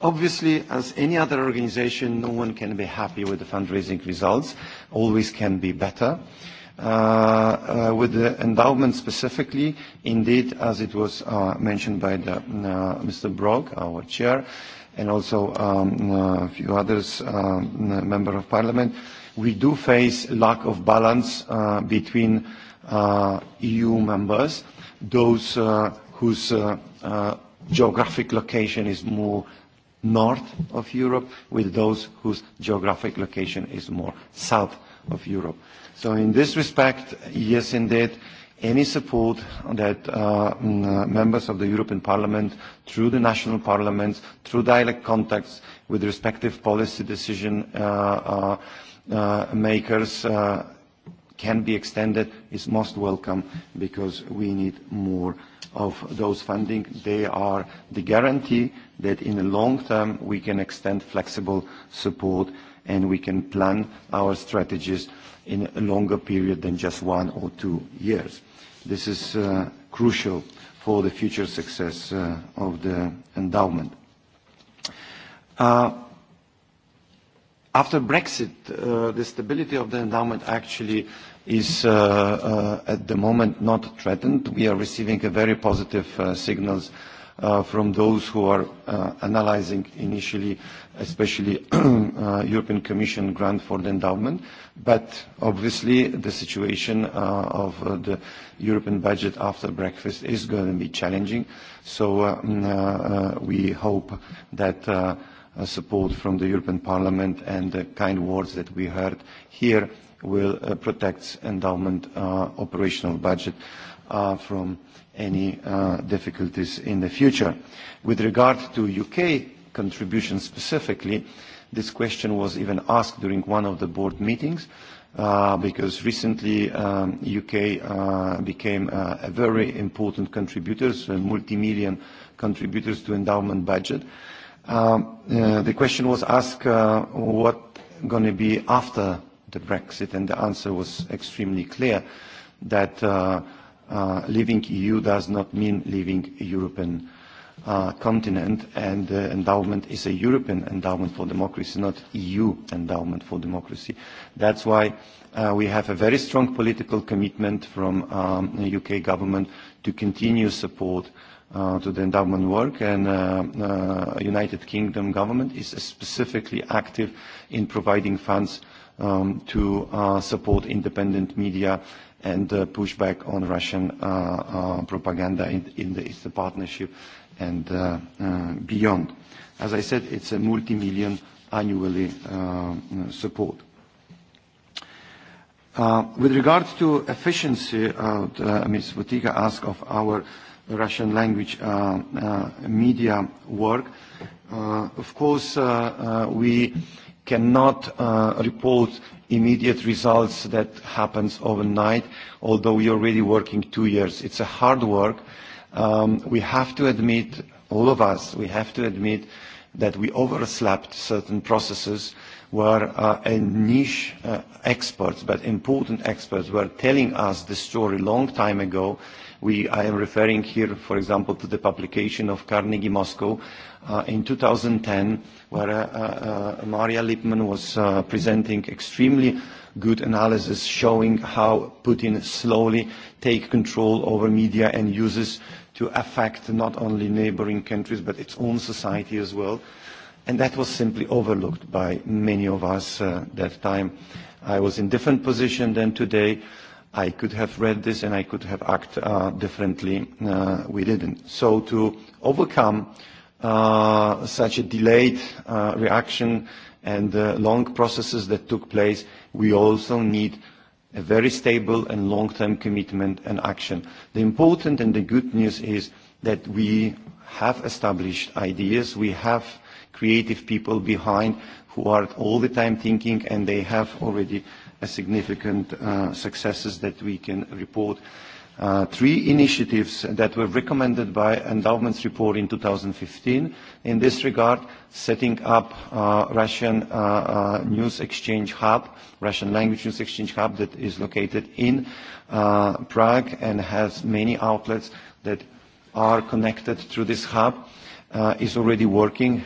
Obviously, as any other organization, no one can be happy with the fundraising results. Always can be better. Uh, uh, with the endowment specifically, indeed, as it was uh, mentioned by the, uh, Mr. Brock, our chair, and also um, a few others, um, member of parliament, uh, we do face lack of balance uh, between uh, EU members, those uh, whose uh, uh, geographic location is more north of Europe with those whose geographic location is more south of Europe. So in this respect, yes indeed, any support that uh, uh members of the European Parliament through the national parliaments, through direct contacts with respective policy decision uh, uh, uh, makers uh, can be extended is most welcome because we need more of those funding. They are the guarantee that in the long term we can extend flexible support and we can plan our strategies in a longer period than just one or two years. This is uh, crucial for the future success uh, of the endowment. Uh, After Brexit, uh, the stability of the endowment actually is uh, uh, at the moment not threatened. We are receiving a very positive uh, signals uh, from those who are uh, analyzing initially, especially uh, European Commission grant for the endowment. But obviously the situation uh, of uh, the European budget after breakfast is going to be challenging. So uh, mm, uh, uh, we hope that uh, uh, support from the European Parliament and the kind words that we heard here will uh, protect endowment uh, operational budget uh, from any uh, difficulties in the future. With regard to UK contribution specifically, this question was even asked during one of the board meetings uh, because recently um, UK uh, became uh, a very important contributor, so multi-million contributors to endowment budget. Uh, Um, uh, the question was asked uh, what going to be after the Brexit, and the answer was extremely clear that uh, uh, leaving EU does not mean leaving a European uh, continent, and the uh, endowment is a European endowment for democracy, not EU endowment for democracy. That's why uh, we have a very strong political commitment from um, the UK government to continue support uh, Uh, to the endowment work and uh, uh, United Kingdom government is specifically active in providing funds um, to uh, support independent media and uh, push back on Russian uh, uh, propaganda in, in the Eastern Partnership and uh, uh, beyond. As I said, it's a multi-million annually uh, support. Uh, with regard to efficiency, uh, uh, Ms. Votika asked of our Russian language uh, uh, media work. Uh, of course, uh, uh, we cannot uh, report immediate results that happens overnight, although we're already working two years. It's a hard work. Um, we have to admit, all of us, we have to admit that we overslept certain processes where uh, a niche uh, experts, but important experts, were telling us the story long time ago, We, I am referring here, for example, to the publication of Carnegie Moscow uh, in 2010, where uh, uh, Maria Lipman was uh, presenting extremely good analysis showing how Putin slowly take control over media and uses to affect not only neighboring countries but its own society as well. And that was simply overlooked by many of us uh, that time. I was in different position than today. I could have read this and I could have acted uh, differently. Uh, we didn't. So to overcome uh, such a delayed uh, reaction and uh, long processes that took place, we also need a very stable and long-term commitment and action. The important and the good news is that we have established ideas, we have creative people behind who are all the time thinking and they have already a uh, significant uh, successes that we can report. Uh, three initiatives that were recommended by endowments report in 2015 in this regard setting up uh, Russian uh, uh, news exchange hub Russian language news exchange hub that is located in uh, Prague and has many outlets that are connected through this hub uh, is already working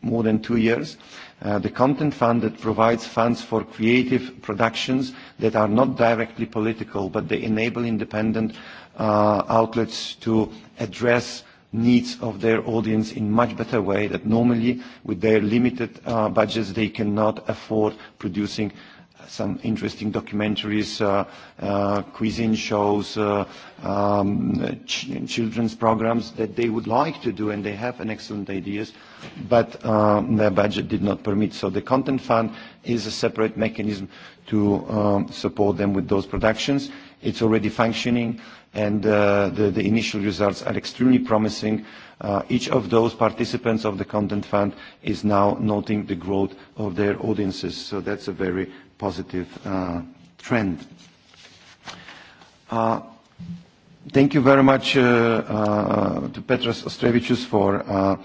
more than two years Uh, the Content Fund that provides funds for creative productions that are not directly political, but they enable independent uh, outlets to address needs of their audience in much better way that normally with their limited uh, budgets they cannot afford producing some interesting documentaries, uh, uh, cuisine shows, uh, um, ch children's programs that they would like to do, and they have an excellent ideas, but uh, their budget did not permit. So the Content Fund is a separate mechanism to um, support them with those productions. It's already functioning, and uh, the, the initial results are extremely promising. Uh, each of those participants of the Content Fund is now noting the growth of their audiences, so that's a very positive uh, trend. Uh, thank you very much uh, uh, to Petras Ostrevicius for uh,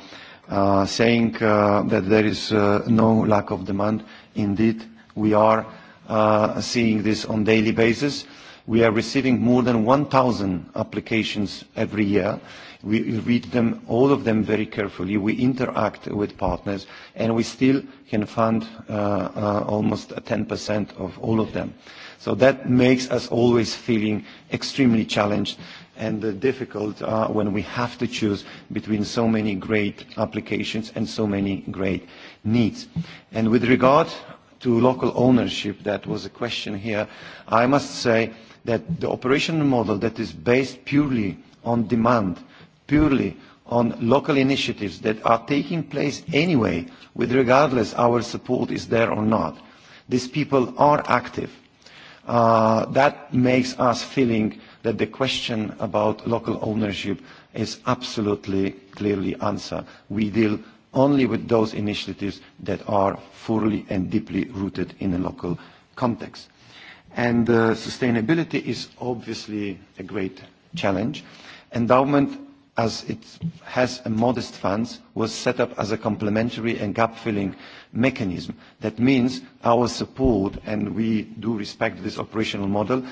uh, saying uh, that there is uh, no lack of demand. Indeed, we are uh, seeing this on a daily basis. We are receiving more than 1,000 applications every year We read them, all of them very carefully. We interact with partners and we still can fund uh, uh, almost 10% of all of them. So that makes us always feeling extremely challenged and uh, difficult uh, when we have to choose between so many great applications and so many great needs. And with regard to local ownership, that was a question here, I must say that the operational model that is based purely on demand purely on local initiatives that are taking place anyway, with regardless our support is there or not. These people are active. Uh, that makes us feeling that the question about local ownership is absolutely clearly answered. We deal only with those initiatives that are fully and deeply rooted in a local context. And uh, sustainability is obviously a great challenge. Endowment as it has a modest funds, was set up as a complementary and gap-filling mechanism. That means our support, and we do respect this operational model,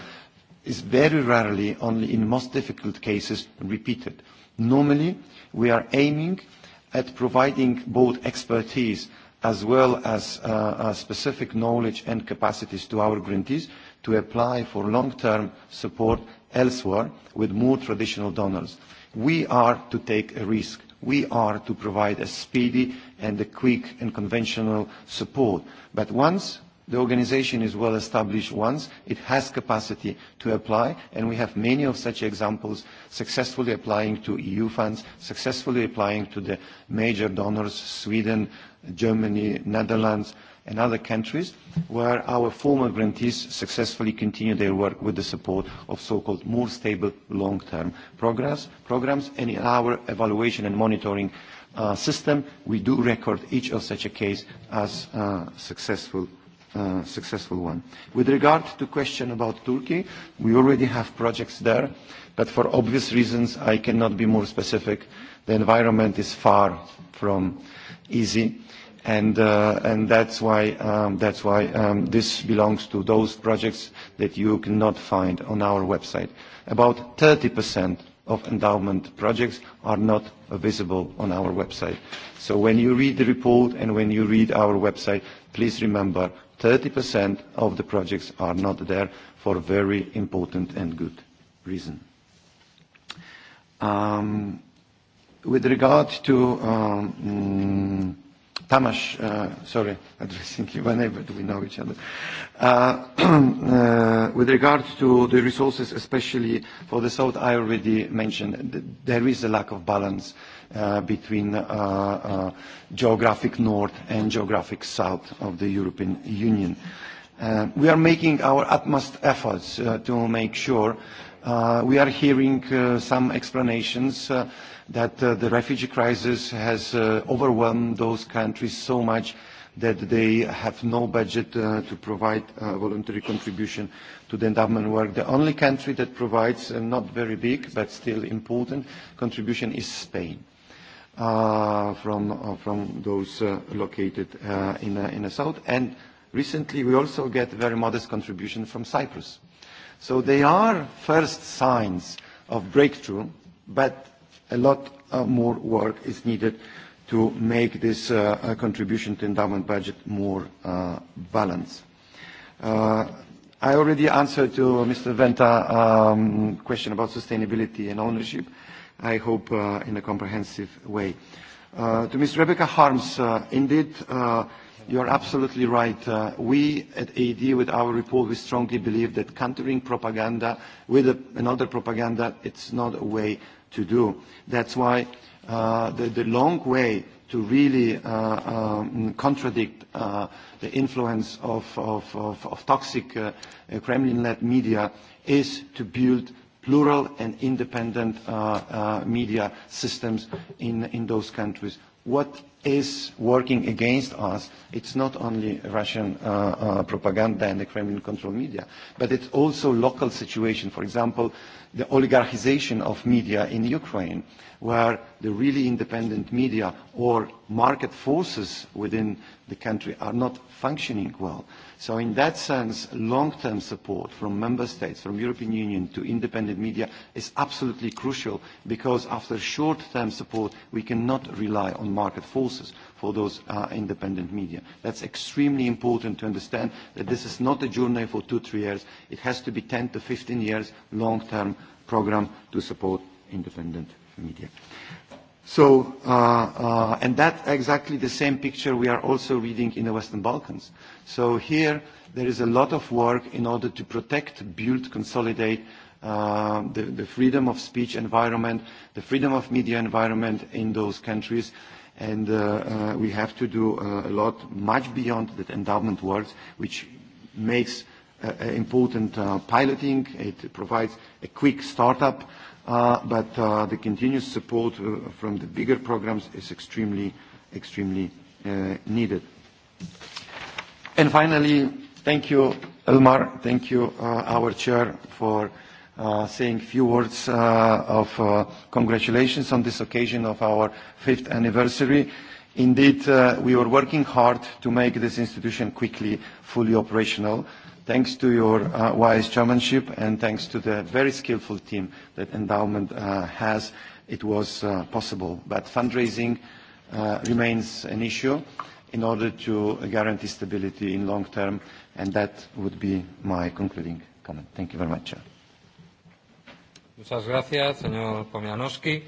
is very rarely, only in most difficult cases, repeated. Normally, we are aiming at providing both expertise as well as uh, uh specific knowledge and capacities to our grantees to apply for long-term support elsewhere with more traditional donors. We are to take a risk. We are to provide a speedy and a quick and conventional support. But once the organization is well established once, it has capacity to apply, and we have many of such examples successfully applying to EU funds, successfully applying to the major donors, Sweden, Germany, Netherlands, and other countries where our former grantees successfully continue their work with the support of so-called more stable long-term programs, programs. And in our evaluation and monitoring uh, system, we do record each of such a case as uh, successful uh, successful one. With regard to question about Turkey, we already have projects there, but for obvious reasons I cannot be more specific. The environment is far from easy and, uh, and that's why, um, that's why um, this belongs to those projects that you cannot find on our website. About 30% of endowment projects are not visible on our website. So when you read the report and when you read our website, please remember 30% of the projects are not there for a very important and good reason. Um, with regard to um, Tamas, uh, sorry, addressing you whenever do we know each other. Uh, uh, with regard to the resources, especially for the South, I already mentioned that there is a lack of balance uh, between uh, uh, geographic north and geographic south of the European Union. Uh, we are making our utmost efforts uh, to make sure Uh, we are hearing uh, some explanations uh, that uh, the refugee crisis has uh, overwhelmed those countries so much that they have no budget uh, to provide a uh, voluntary contribution to the endowment work. The only country that provides uh, not very big but still important contribution is Spain uh, from, uh, from those uh, located uh, in, uh, in the south. And recently we also get very modest contribution from Cyprus. Uh, So they are first signs of breakthrough, but a lot uh, more work is needed to make this uh, uh contribution to endowment budget more uh, balanced. Uh, I already answered to Mr. Venta's um, question about sustainability and ownership, I hope uh, in a comprehensive way. Uh, to Ms. Rebecca Harms, uh, indeed, uh, You're absolutely right. Uh, we at AD, with our report, we strongly believe that countering propaganda with a, another propaganda, it's not a way to do. That's why uh, the, the long way to really uh, um, contradict uh, the influence of, of, of, of toxic uh, uh Kremlin-led media is to build plural and independent uh, uh, media systems in, in those countries. What is working against us. It's not only Russian uh, uh, propaganda and the Kremlin-controlled media, but it's also local situation. For example, the oligarchization of media in Ukraine, where the really independent media or market forces within the country are not functioning well. So in that sense, long-term support from member states, from European Union to independent media is absolutely crucial because after short-term support, we cannot rely on market forces for those uh, independent media. That's extremely important to understand that this is not a journey for two, three years. It has to be 10 to 15 years long-term program to support independent media. So, uh, uh, and that's exactly the same picture we are also reading in the Western Balkans. So here there is a lot of work in order to protect, build, consolidate uh, the, the freedom of speech environment, the freedom of media environment in those countries. And uh, uh, we have to do uh, a lot much beyond that endowment work, which makes uh, important uh, piloting. It provides a quick startup uh, but uh, the continuous support uh, from the bigger programs is extremely, extremely uh, needed. And finally, thank you, Elmar, thank you, uh, our chair, for uh, saying a few words uh, of uh, congratulations on this occasion of our fifth anniversary. Indeed, uh, we were working hard to make this institution quickly fully operational Thanks to your uh, wise chairmanship and thanks to the very skillful team that endowment uh, has, it was uh, possible. But fundraising uh, remains an issue in order to guarantee stability in long term, and that would be my concluding comment. Thank you very much. Muchas gracias, señor Pomianowski.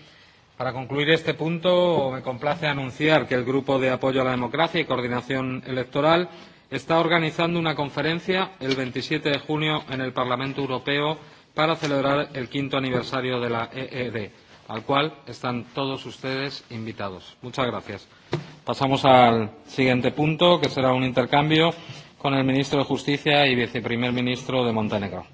Para concluir este punto, me complace anunciar que el Grupo de Apoyo a la Democracia y Coordinación Electoral está organizando una conferencia el 27 de junio en el Parlamento Europeo para celebrar el quinto aniversario de la EED, al cual están todos ustedes invitados. Muchas gracias. Pasamos al siguiente punto, que será un intercambio con el ministro de Justicia y viceprimer ministro de Montenegro.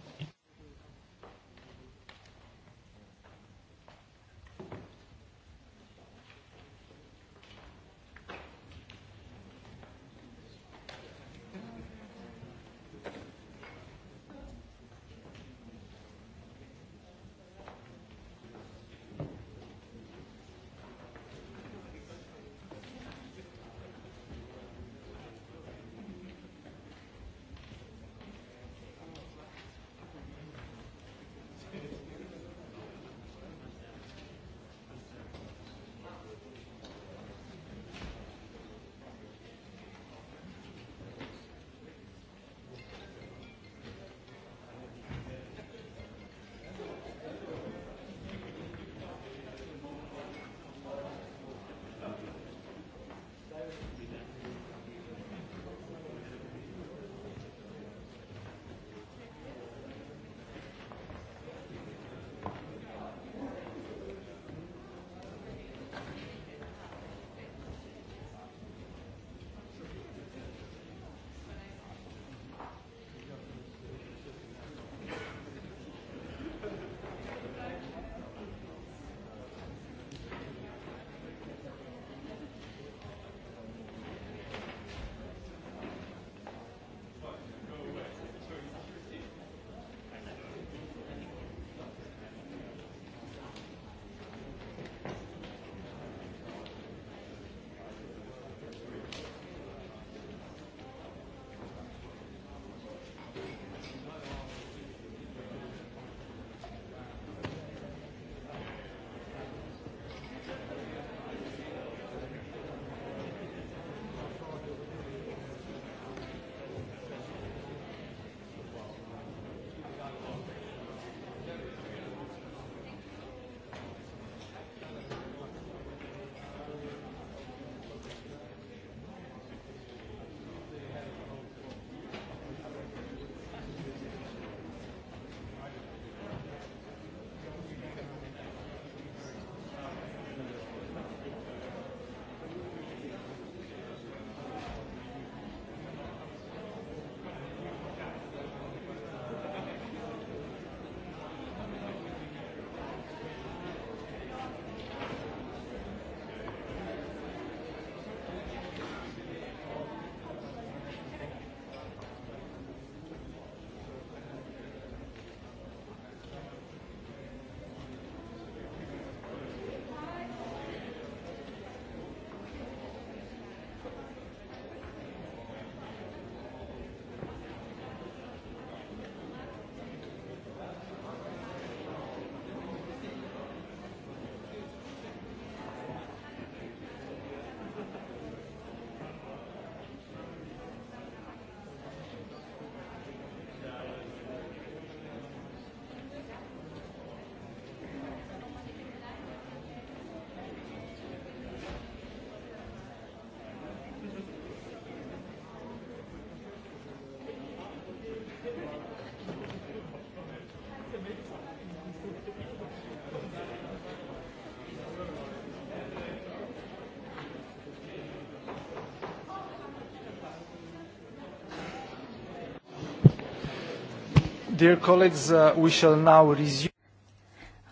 Dear colleagues, uh, we shall now resume.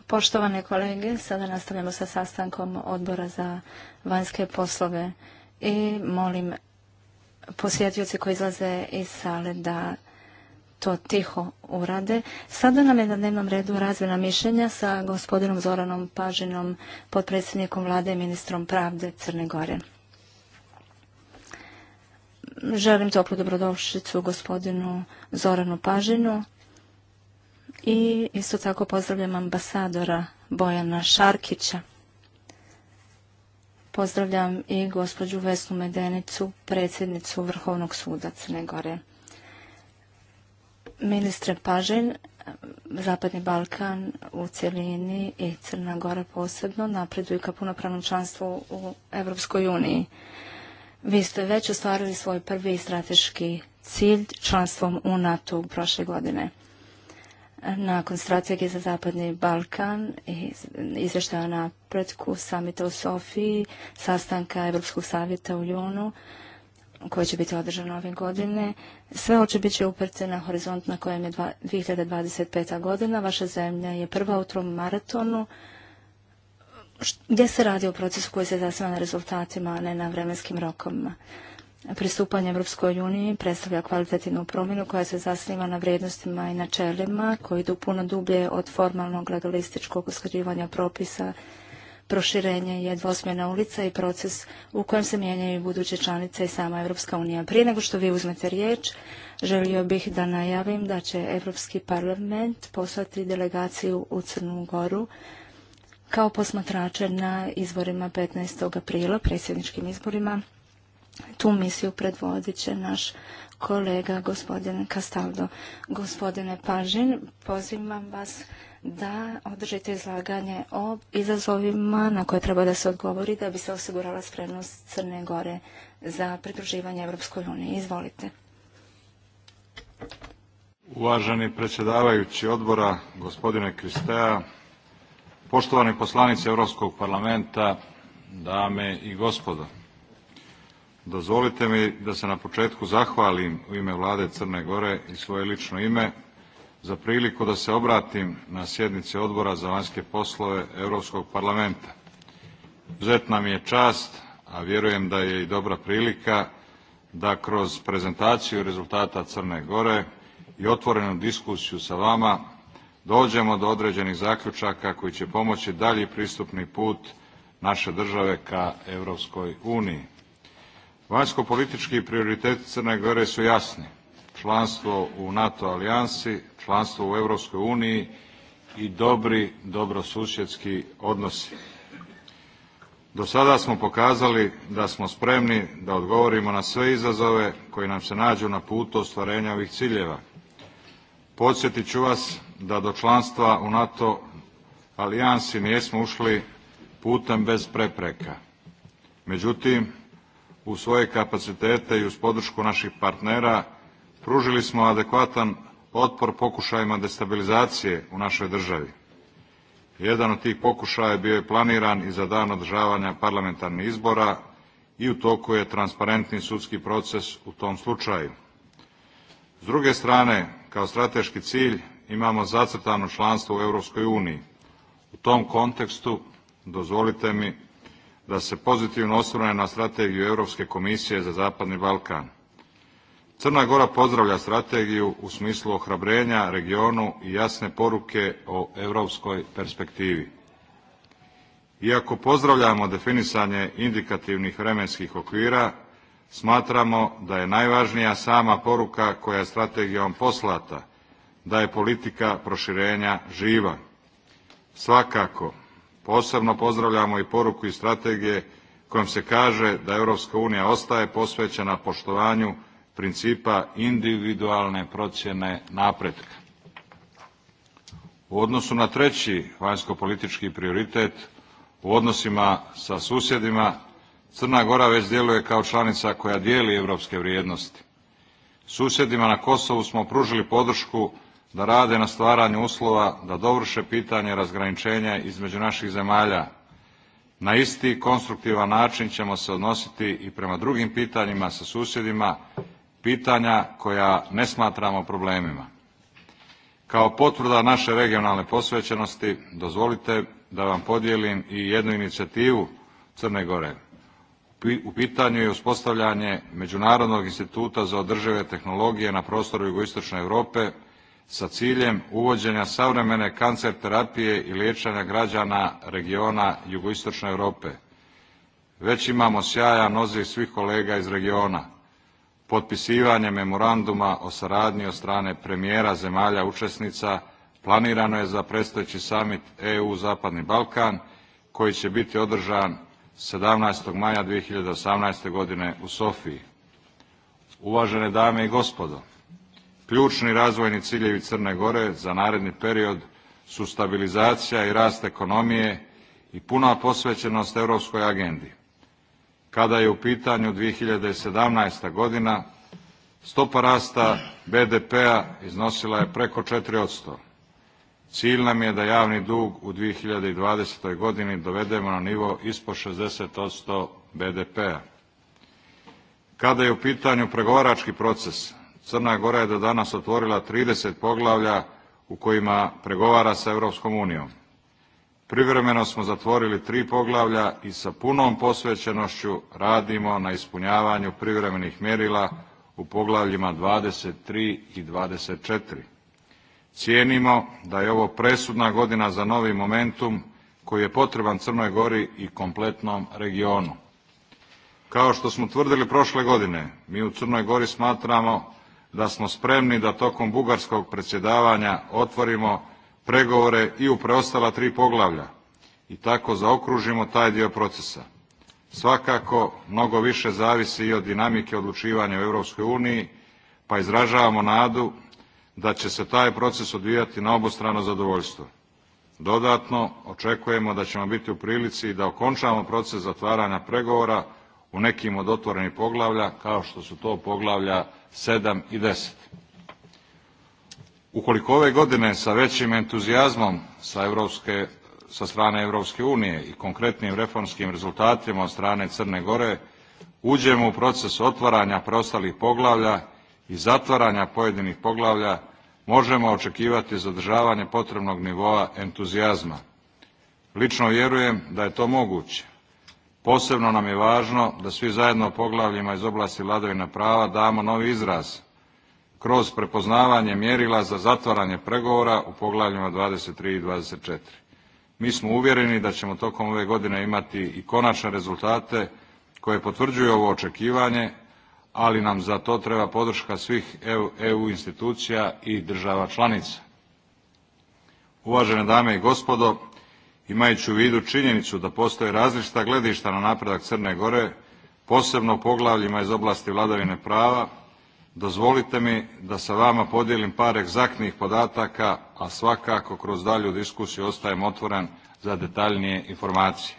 Poštovane kolege, sada nastavljamo sa sastankom odbora za vanjske poslove i molim posjetioci koji izlaze iz sale da to tiho urade. Sada nam je na dnevnom redu razvina mišljenja sa gospodinom Zoranom Pažinom, potpredsjednikom vlade i ministrom pravde Crne Gore. Želim toplu dobrodošlicu gospodinu Zoranu Pažinu I isto tako pozdravljam ambasadora Bojana Šarkića. Pozdravljam i gospođu Vesnu Medenicu, predsjednicu Vrhovnog suda Crne Gore. Ministre Paželj, Zapadni Balkan u cjelini i Crna Gora posebno napreduju ka punopravnom članstvu u Evropskoj uniji. Vi ste već ostvarili svoj prvi strateški cilj članstvom u NATO prošle godine – na konstrategije za Zapadni Balkan izvještaja pretku samita u Sofiji, sastanka Evropskog savjeta u Junu koje će biti održano ove godine. Sve oče biti će uprte na horizont na kojem je 2025. godina. Vaša zemlja je prva u trom maratonu gdje se radi o procesu koji se zasniva na rezultatima, a ne na vremenskim rokovima pristupanje Europskoj uniji predstavlja kvalitativnu promjenu koja se zasniva na vrijednostima i načelima koji idu puno dublje od formalnog legalističkog usklađivanja propisa proširenje je dvosmjena ulica i proces u kojem se mijenjaju buduće članice i sama Europska unija. Prije nego što vi uzmete riječ, želio bih da najavim da će Europski parlament poslati delegaciju u Crnu Goru kao posmatrače na izborima 15. aprila, predsjedničkim izborima tu misiju predvodit će naš kolega gospodin Kastaldo. Gospodine Pažin, pozivam vas da održite izlaganje o izazovima na koje treba da se odgovori da bi se osigurala spremnost Crne Gore za pridruživanje Evropskoj uniji. Izvolite. Uvaženi predsjedavajući odbora, gospodine Kristeja, poštovani poslanici Europskog parlamenta, dame i gospodo. Dozvolite mi da se na početku zahvalim u ime vlade Crne Gore i svoje lično ime za priliku da se obratim na sjednici odbora za vanjske poslove Europskog parlamenta. Izuzetna nam je čast, a vjerujem da je i dobra prilika da kroz prezentaciju rezultata Crne Gore i otvorenu diskusiju sa vama dođemo do određenih zaključaka koji će pomoći dalji pristupni put naše države ka Europskoj uniji. Vanjsko-politički prioriteti Crne Gore su jasni. Članstvo u NATO alijansi, članstvo u Europskoj uniji i dobri dobrosusjedski odnosi. Do sada smo pokazali da smo spremni da odgovorimo na sve izazove koji nam se nađu na putu ostvarenja ovih ciljeva. Podsjetit ću vas da do članstva u NATO alijansi nismo ušli putem bez prepreka. Međutim, u svoje kapacitete i uz podršku naših partnera pružili smo adekvatan otpor pokušajima destabilizacije u našoj državi. Jedan od tih pokušaja bio je planiran i za dan održavanja parlamentarnih izbora i u toku je transparentni sudski proces u tom slučaju. S druge strane, kao strateški cilj imamo zacrtano članstvo u Europskoj uniji. U tom kontekstu dozvolite mi da se pozitivno osvrne na strategiju Europske komisije za Zapadni Balkan. Crna Gora pozdravlja strategiju u smislu ohrabrenja regionu i jasne poruke o europskoj perspektivi. Iako pozdravljamo definisanje indikativnih vremenskih okvira, smatramo da je najvažnija sama poruka koja je strategijom poslata, da je politika proširenja živa. Svakako, Posebno pozdravljamo i poruku i strategije kojom se kaže da Europska unija ostaje posvećena poštovanju principa individualne procjene napretka. U odnosu na treći vanjskopolitički prioritet u odnosima sa susjedima, Crna Gora već djeluje kao članica koja dijeli europske vrijednosti. Susjedima na Kosovu smo pružili podršku da rade na stvaranju uslova da dovrše pitanje razgraničenja između naših zemalja. Na isti konstruktivan način ćemo se odnositi i prema drugim pitanjima sa susjedima, pitanja koja ne smatramo problemima. Kao potvrda naše regionalne posvećenosti, dozvolite da vam podijelim i jednu inicijativu Crne Gore. U pitanju je uspostavljanje Međunarodnog instituta za održive tehnologije na prostoru jugoistočne Europe – sa ciljem uvođenja savremene kancer terapije i liječenja građana regiona jugoistočne Europe. Već imamo sjajan odziv svih kolega iz regiona. Potpisivanje memoranduma o saradnji od strane premijera zemalja učesnica planirano je za predstojeći samit EU Zapadni Balkan koji će biti održan 17. maja 2018. godine u Sofiji. Uvažene dame i gospodo, Ključni razvojni ciljevi Crne Gore za naredni period su stabilizacija i rast ekonomije i puna posvećenost europskoj agendi. Kada je u pitanju 2017. godina, stopa rasta BDP-a iznosila je preko 4%. Cilj nam je da javni dug u 2020. godini dovedemo na nivo ispod 60% BDP-a. Kada je u pitanju pregovarački proces, Crna Gora je do danas otvorila 30 poglavlja u kojima pregovara sa Europskom unijom. Privremeno smo zatvorili tri poglavlja i sa punom posvećenošću radimo na ispunjavanju privremenih mjerila u poglavljima 23 i 24. Cijenimo da je ovo presudna godina za novi momentum koji je potreban Crnoj Gori i kompletnom regionu. Kao što smo tvrdili prošle godine, mi u Crnoj Gori smatramo da smo spremni da tokom bugarskog predsjedavanja otvorimo pregovore i u preostala tri poglavlja i tako zaokružimo taj dio procesa. Svakako, mnogo više zavisi i od dinamike odlučivanja u Europskoj uniji, pa izražavamo nadu da će se taj proces odvijati na obostrano zadovoljstvo. Dodatno, očekujemo da ćemo biti u prilici da okončamo proces zatvaranja pregovora u nekim od otvorenih poglavlja, kao što su to poglavlja 7 i 10. Ukoliko ove godine sa većim entuzijazmom sa, Evropske, sa strane Evropske unije i konkretnim reformskim rezultatima od strane Crne Gore uđemo u proces otvaranja preostalih poglavlja i zatvaranja pojedinih poglavlja, možemo očekivati zadržavanje potrebnog nivoa entuzijazma. Lično vjerujem da je to moguće Posebno nam je važno da svi zajedno o poglavljima iz oblasti vladovina prava damo novi izraz kroz prepoznavanje mjerila za zatvaranje pregovora u poglavljima 23 i 24. Mi smo uvjereni da ćemo tokom ove godine imati i konačne rezultate koje potvrđuju ovo očekivanje, ali nam za to treba podrška svih EU, EU institucija i država članica. Uvažene dame i gospodo, Imajući u vidu činjenicu da postoje različita gledišta na napredak Crne Gore, posebno u poglavljima iz oblasti vladavine prava, dozvolite mi da sa vama podijelim par egzaktnih podataka, a svakako kroz dalju diskusiju ostajem otvoren za detaljnije informacije.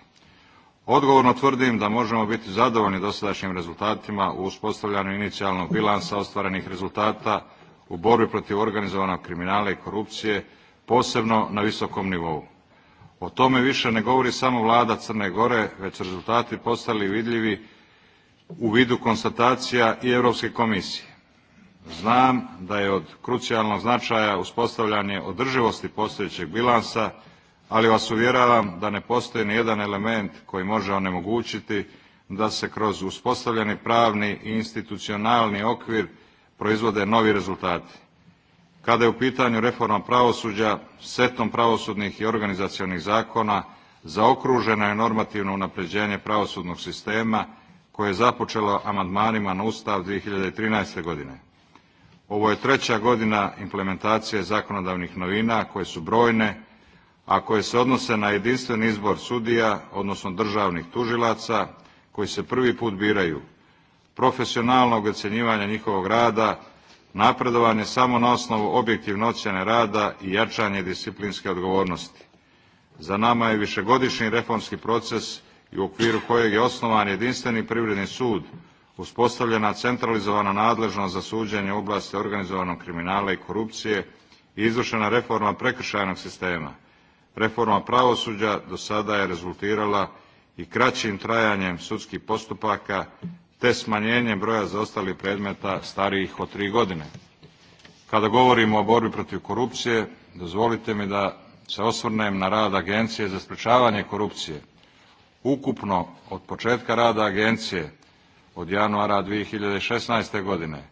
Odgovorno tvrdim da možemo biti zadovoljni dosadašnjim rezultatima u uspostavljanju inicijalnog bilansa ostvarenih rezultata u borbi protiv organizovanog kriminala i korupcije, posebno na visokom nivou. O tome više ne govori samo vlada Crne Gore, već rezultati postali vidljivi u vidu konstatacija i Europske komisije. Znam da je od krucijalnog značaja uspostavljanje održivosti postojećeg bilansa, ali vas uvjeravam da ne postoji ni jedan element koji može onemogućiti da se kroz uspostavljeni pravni i institucionalni okvir proizvode novi rezultati. Kada je u pitanju reforma pravosuđa, setom pravosudnih i organizacijonih zakona zaokruženo je normativno unapređenje pravosudnog sistema koje je započelo amandmanima na Ustav 2013. godine. Ovo je treća godina implementacije zakonodavnih novina koje su brojne, a koje se odnose na jedinstven izbor sudija, odnosno državnih tužilaca, koji se prvi put biraju, profesionalnog ocjenjivanja njihovog rada, napredovanje samo na osnovu objektivne ocjene rada i jačanje disciplinske odgovornosti. Za nama je višegodišnji reformski proces i u okviru kojeg je osnovan jedinstveni privredni sud, uspostavljena centralizovana nadležnost za suđenje u oblasti organizovanog kriminala i korupcije i izvršena reforma prekršajnog sistema. Reforma pravosuđa do sada je rezultirala i kraćim trajanjem sudskih postupaka, te smanjenje broja zaostalih predmeta starijih od tri godine. Kada govorimo o borbi protiv korupcije, dozvolite mi da se osvrnem na rad Agencije za sprečavanje korupcije. Ukupno od početka rada Agencije od januara 2016. godine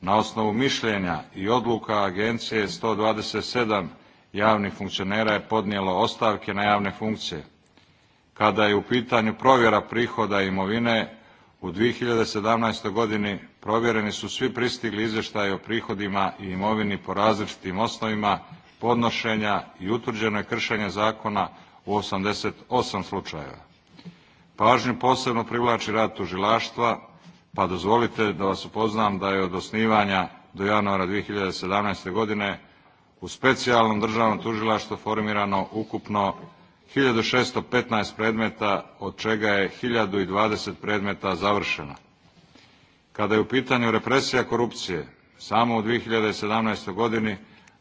na osnovu mišljenja i odluka Agencije 127 javnih funkcionera je podnijelo ostavke na javne funkcije. Kada je u pitanju provjera prihoda i imovine, U 2017. godini provjereni su svi pristigli izvještaje o prihodima i imovini po različitim osnovima podnošenja i utvrđeno je kršenje zakona u 88 slučajeva. Pažnju posebno privlači rad tužilaštva, pa dozvolite da vas upoznam da je od osnivanja do januara 2017. godine u specijalnom državnom tužilaštvu formirano ukupno 1615 predmeta, od čega je 1020 predmeta završeno. Kada je u pitanju represija korupcije, samo u 2017. godini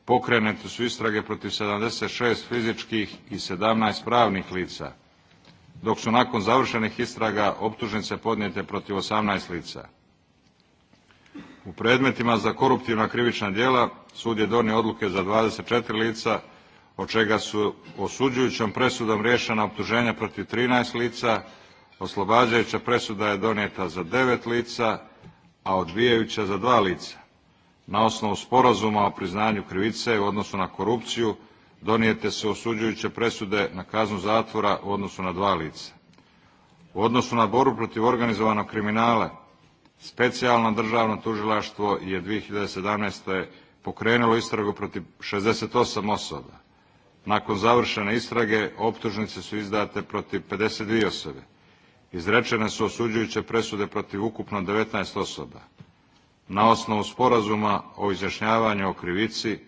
pokrenete su istrage protiv 76 fizičkih i 17 pravnih lica, dok su nakon završenih istraga optužnice podnijete protiv 18 lica. U predmetima za koruptivna krivična djela sud je donio odluke za 24 lica, od čega su osuđujućom presudom rješena optuženja protiv 13 lica, oslobađajuća presuda je donijeta za 9 lica, a odbijajuća za 2 lica. Na osnovu sporazuma o priznanju krivice u odnosu na korupciju donijete se osuđujuće presude na kaznu zatvora u odnosu na dva lica. U odnosu na boru protiv organizovanog kriminala, specijalno državno tužilaštvo je 2017. pokrenulo istragu protiv 68 osoba. Nakon završene istrage optužnice su izdate protiv 52 osobe. Izrečene su osuđujuće presude protiv ukupno 19 osoba. Na osnovu sporazuma o izjašnjavanju o krivici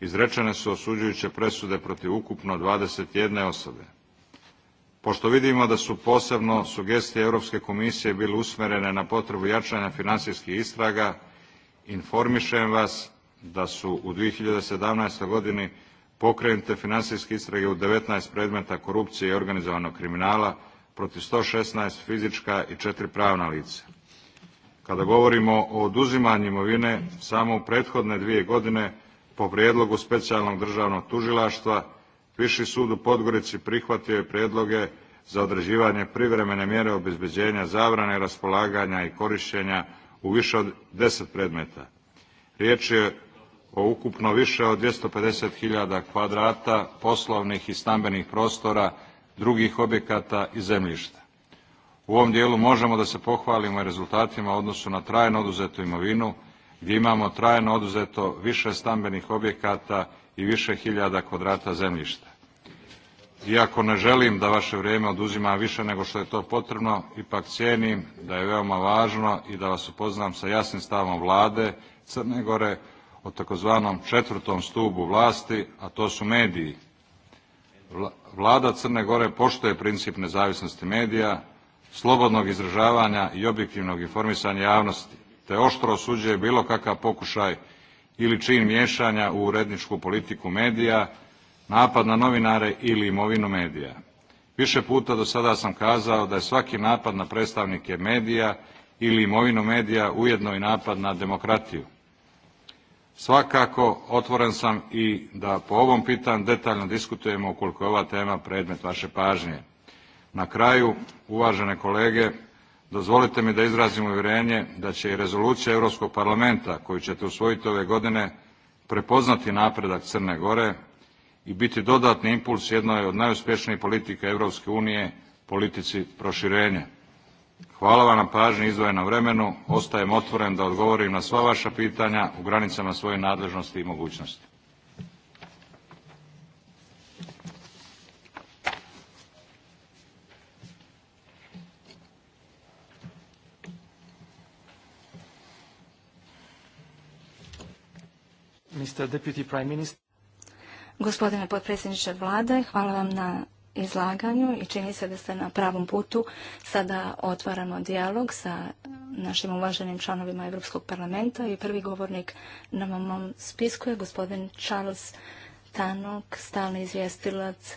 izrečene su osuđujuće presude protiv ukupno 21 osobe. Pošto vidimo da su posebno sugestije Europske komisije bile usmerene na potrebu jačanja financijskih istraga, informišem vas da su u 2017. godini pokrenute financijske istrage u 19 predmeta korupcije i organizovanog kriminala protiv 116 fizička i 4 pravna lica. Kada govorimo o oduzimanju imovine, samo u prethodne dvije godine po prijedlogu specijalnog državnog tužilaštva Viši sud u Podgorici prihvatio je prijedloge za određivanje privremene mjere obezbeđenja zabrane raspolaganja i korišćenja u više od deset predmeta. Riječ je o ukupno više od 250.000 kvadrata poslovnih i stambenih prostora, drugih objekata i zemljišta. U ovom dijelu možemo da se pohvalimo rezultatima u odnosu na trajno oduzetu imovinu, gdje imamo trajno oduzeto više stambenih objekata i više hiljada kvadrata zemljišta. Iako ne želim da vaše vrijeme oduzima više nego što je to potrebno, ipak cijenim da je veoma važno i da vas upoznam sa jasnim stavom vlade Crne Gore o takozvanom četvrtom stubu vlasti, a to su mediji. Vlada Crne Gore poštuje princip nezavisnosti medija, slobodnog izražavanja i objektivnog informisanja javnosti, te oštro osuđuje bilo kakav pokušaj ili čin miješanja u uredničku politiku medija, napad na novinare ili imovinu medija. Više puta do sada sam kazao da je svaki napad na predstavnike medija ili imovinu medija ujedno i napad na demokratiju. Svakako, otvoren sam i da po ovom pitanju detaljno diskutujemo ukoliko je ova tema predmet vaše pažnje. Na kraju, uvažene kolege, dozvolite mi da izrazim uvjerenje da će i rezolucija Europskog parlamenta koju ćete usvojiti ove godine prepoznati napredak Crne Gore i biti dodatni impuls jednoj od najuspješnijih politika Europske unije, politici proširenja. Hvala vam na pažnji izvojenom vremenu. Ostajem otvoren da odgovorim na sva vaša pitanja u granicama svoje nadležnosti i mogućnosti. Mr. Deputy Prime Minister. Gospodine potpredsjedniče vlade, hvala vam na izlaganju i čini se da ste na pravom putu. Sada otvaramo dijalog sa našim uvaženim članovima Europskog parlamenta i prvi govornik na mom spisku je gospodin Charles Tanok, stalni izvjestilac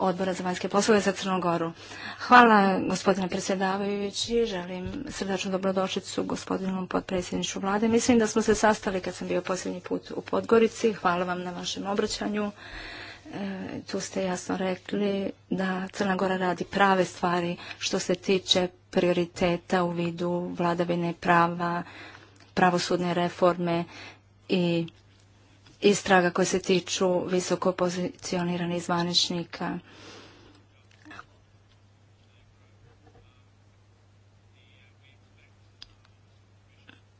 odbora za vanjske poslove za Crnogoru. Hvala gospodine predsjedavajući, želim srdačnu dobrodošlicu gospodinom potpredsjedniču vlade. Mislim da smo se sastali kad sam bio posljednji put u Podgorici. Hvala vam na vašem obraćanju tu ste jasno rekli da Crna Gora radi prave stvari što se tiče prioriteta u vidu vladavine prava, pravosudne reforme i istraga koje se tiču visoko pozicioniranih zvaničnika.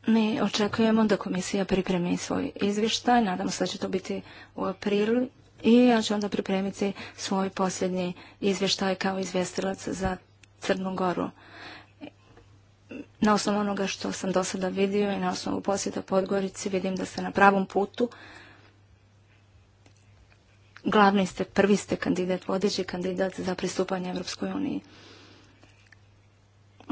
Mi očekujemo da komisija pripremi svoj izvještaj, nadamo se da će to biti u aprilu i onda pripremiti svoj posljednji izvještaj kao izvjestilac za Crnu Goru. Na osnovu onoga što sam do sada vidio i na osnovu posjeta Podgorici vidim da ste na pravom putu. Glavni ste, prvi ste kandidat, vodeći kandidat za pristupanje Evropskoj uniji.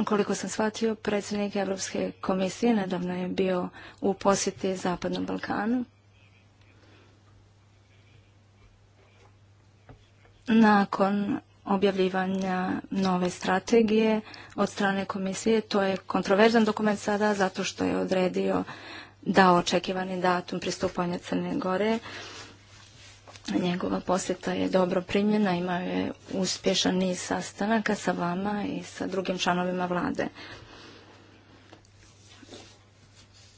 Koliko sam shvatio, predsjednik Evropske komisije nedavno je bio u posjeti Zapadnom Balkanu Nakon objavljivanja e, nove strategije od strane komisije, to je kontroverzan dokument sada zato što je odredio da očekivani datum pristupanja Crne Gore. Njegova posjeta je dobro primljena, imao je uspješan niz sastanaka sa vama i sa drugim članovima vlade.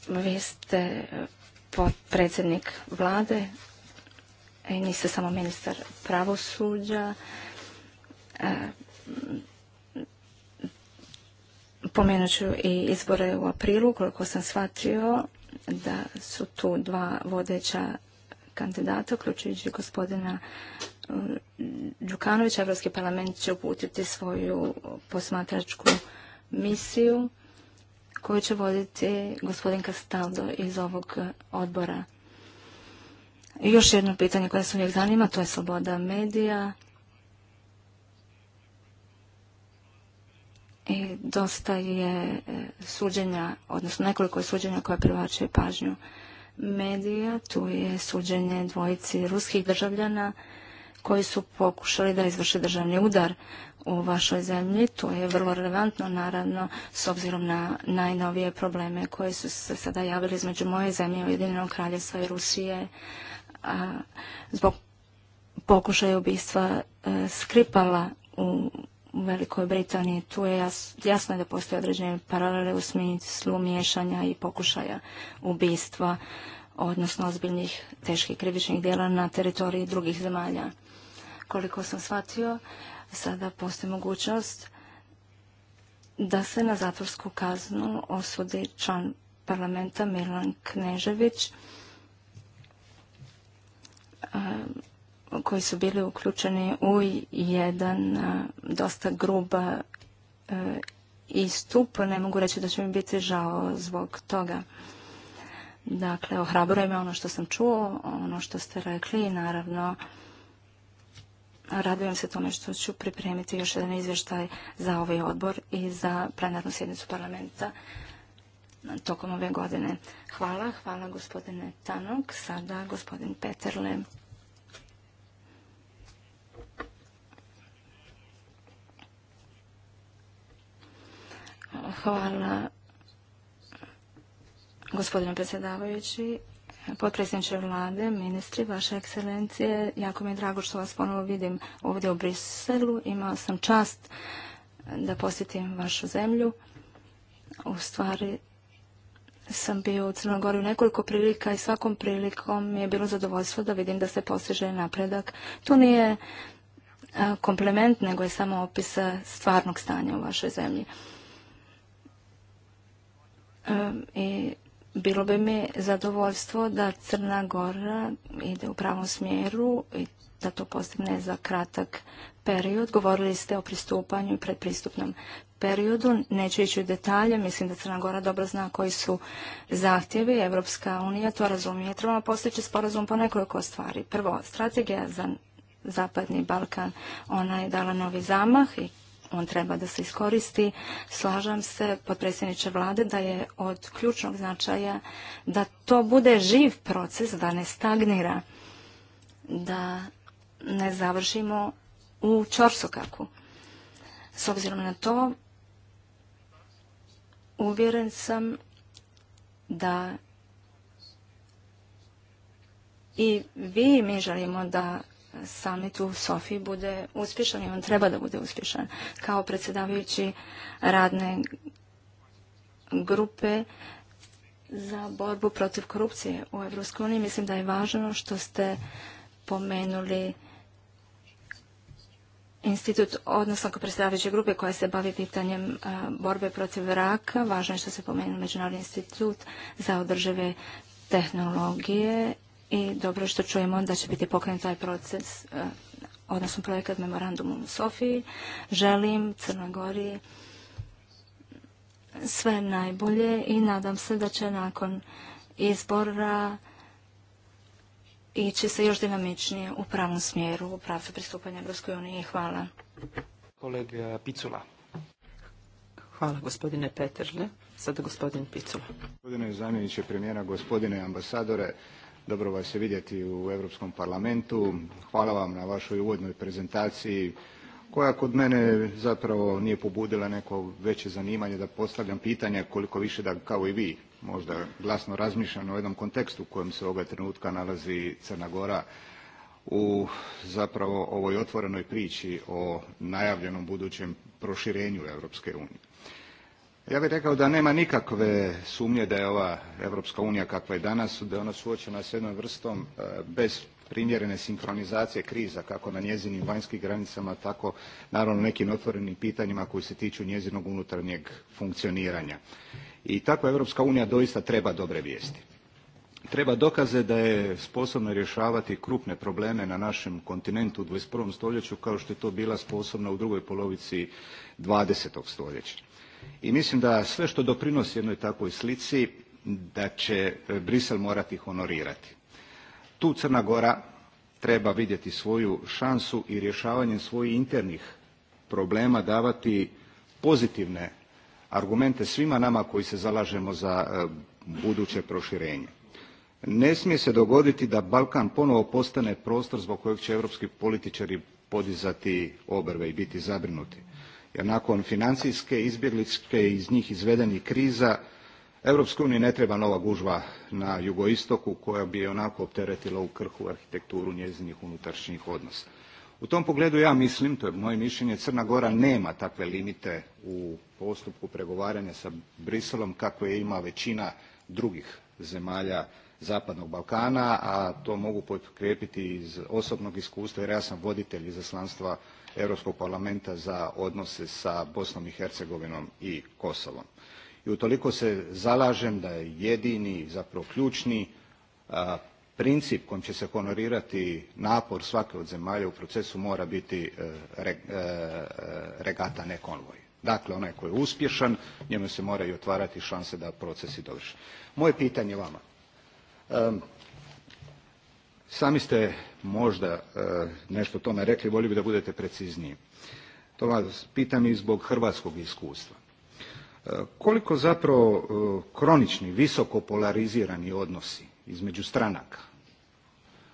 Vi ste predsjednik vlade niste samo ministar pravosuđa, e, Pomenut ću i izbore u aprilu, koliko sam shvatio da su tu dva vodeća kandidata, uključujući gospodina e, Đukanović, Evropski parlament će uputiti svoju posmatračku misiju koju će voditi gospodin Kastaldo iz ovog odbora. Još jedno pitanje koje se uvijek zanima, to je sloboda medija. I dosta je e, suđenja, odnosno nekoliko je suđenja koje privlače pažnju medija. Tu je suđenje dvojici ruskih državljana koji su pokušali da izvrše državni udar u vašoj zemlji. To je vrlo relevantno, naravno, s obzirom na najnovije probleme koje su se sada javili između moje zemlje, Ujedinjenog kraljevstva i Rusije. Uh, zbog pokušaja ubistva e, Skripala u Velikoj Britaniji. Tu je jas, jasno da postoje određene paralele u smislu miješanja i pokušaja ubistva, odnosno ozbiljnih teških krivičnih djela na teritoriji drugih zemalja. Koliko sam shvatio, sada postoji mogućnost da se na zatvorsku kaznu osudi član parlamenta Milan Knežević, Eh, koji su bili uključeni u jedan eh, dosta grub eh, istup. Ne mogu reći da će mi biti žao zbog toga. Dakle, ohrabruje me ono što sam čuo, ono što ste rekli i naravno radujem se tome što ću pripremiti još jedan izvještaj za ovaj odbor i za plenarnu sjednicu parlamenta tokom ove godine. Hvala, hvala gospodine Tanok, sada gospodin Peterle. Hvala gospodine predsjedavajući, potpredsjedniče vlade, ministri, vaše ekscelencije. Jako mi je drago što vas ponovo vidim ovdje u Briselu. Imao sam čast da posjetim vašu zemlju. U stvari sam bio u Crnoj u nekoliko prilika i svakom prilikom mi je bilo zadovoljstvo da vidim da se postiže napredak. To nije komplement, nego je samo opis stvarnog stanja u vašoj zemlji. Ehm, i bilo bi mi zadovoljstvo da Crna Gora ide u pravom smjeru i da to postigne za kratak period. Govorili ste o pristupanju i predpristupnom periodu. Neću ići u detalje, mislim da Crna Gora dobro zna koji su zahtjevi. Evropska unija to razumije. Trebamo postići sporazum po nekoliko stvari. Prvo, strategija za Zapadni Balkan, ona je dala novi zamah i on treba da se iskoristi. Slažem se, potpredsjedniče vlade, da je od ključnog značaja da to bude živ proces, da ne stagnira, da ne završimo u čorsokaku. S obzirom na to, uvjeren sam da i vi mi želimo da summit u Sofiji bude uspješan i on treba da bude uspješan. Kao predsjedavajući radne grupe za borbu protiv korupcije u Evropskoj uniji mislim da je važno što ste pomenuli institut, odnosno predsjedavajuće grupe koja se bavi pitanjem a, e, borbe protiv raka. Važno je što se pomenu Međunarodni institut za održive tehnologije i dobro što čujemo da će biti pokrenut taj proces, e, odnosno projekat memorandumom u Sofiji. Želim Crnoj Gori sve najbolje i nadam se da će nakon izbora ići se još dinamičnije u pravom smjeru, u pravcu pristupanja Evropskoj uniji. Hvala. Kolega Picula. Hvala gospodine Peterle. Sada gospodin Picula. Gospodine zamjeniče premijera, gospodine ambasadore, Dobro vas je vidjeti u Europskom parlamentu. Hvala vam na vašoj uvodnoj prezentaciji koja kod mene zapravo nije pobudila neko veće zanimanje da postavljam pitanja koliko više da kao i vi možda glasno razmišljam o jednom kontekstu u kojem se ovoga trenutka nalazi Crna Gora u zapravo ovoj otvorenoj priči o najavljenom budućem proširenju Evropske unije. Ja bih rekao da nema nikakve sumnje da je ova Evropska unija kakva je danas, da je ona suočena s jednom vrstom e, bez primjerene sinkronizacije kriza kako na njezinim vanjskim granicama tako naravno nekim otvorenim pitanjima koji se tiču njezinog unutarnjeg funkcioniranja. I takva Evropska unija doista treba dobre vijesti. Treba dokaze da je sposobna rješavati krupne probleme na našem kontinentu u 21. stoljeću kao što je to bila sposobna u drugoj polovici 20. stoljeća. I mislim da sve što doprinosi jednoj takvoj slici, da će e, Brisel morati honorirati. Tu Crna Gora treba vidjeti svoju šansu i rješavanjem svojih internih problema davati pozitivne argumente svima nama koji se zalažemo za e, buduće proširenje. Ne smije se dogoditi da Balkan ponovo postane prostor zbog kojeg će evropski političari podizati obrve i biti zabrinuti jer nakon financijske izbjegličke iz njih izvedenih kriza EU ne treba nova gužva na jugoistoku koja bi onako opteretila u krhu arhitekturu njezinih unutrašnjih odnosa. U tom pogledu ja mislim, to je moje mišljenje, Crna Gora nema takve limite u postupku pregovaranja sa Briselom kako je ima većina drugih zemalja Zapadnog Balkana, a to mogu potkrijepiti iz osobnog iskustva jer ja sam voditelj izaslanstva Europskog parlamenta za odnose sa Bosnom i Hercegovinom i Kosovom. I utoliko se zalažem da je jedini, zapravo ključni a, princip kojim će se honorirati napor svake od zemalja u procesu mora biti e, re, e, e, regata, ne konvoj. Dakle, onaj koji je uspješan, njemu se moraju otvarati šanse da procesi dovrši. Moje pitanje vama. Sami ste možda e, nešto o tome rekli, volio bi da budete precizniji. To vas pitam i zbog hrvatskog iskustva. E, koliko zapravo e, kronični, visoko polarizirani odnosi između stranaka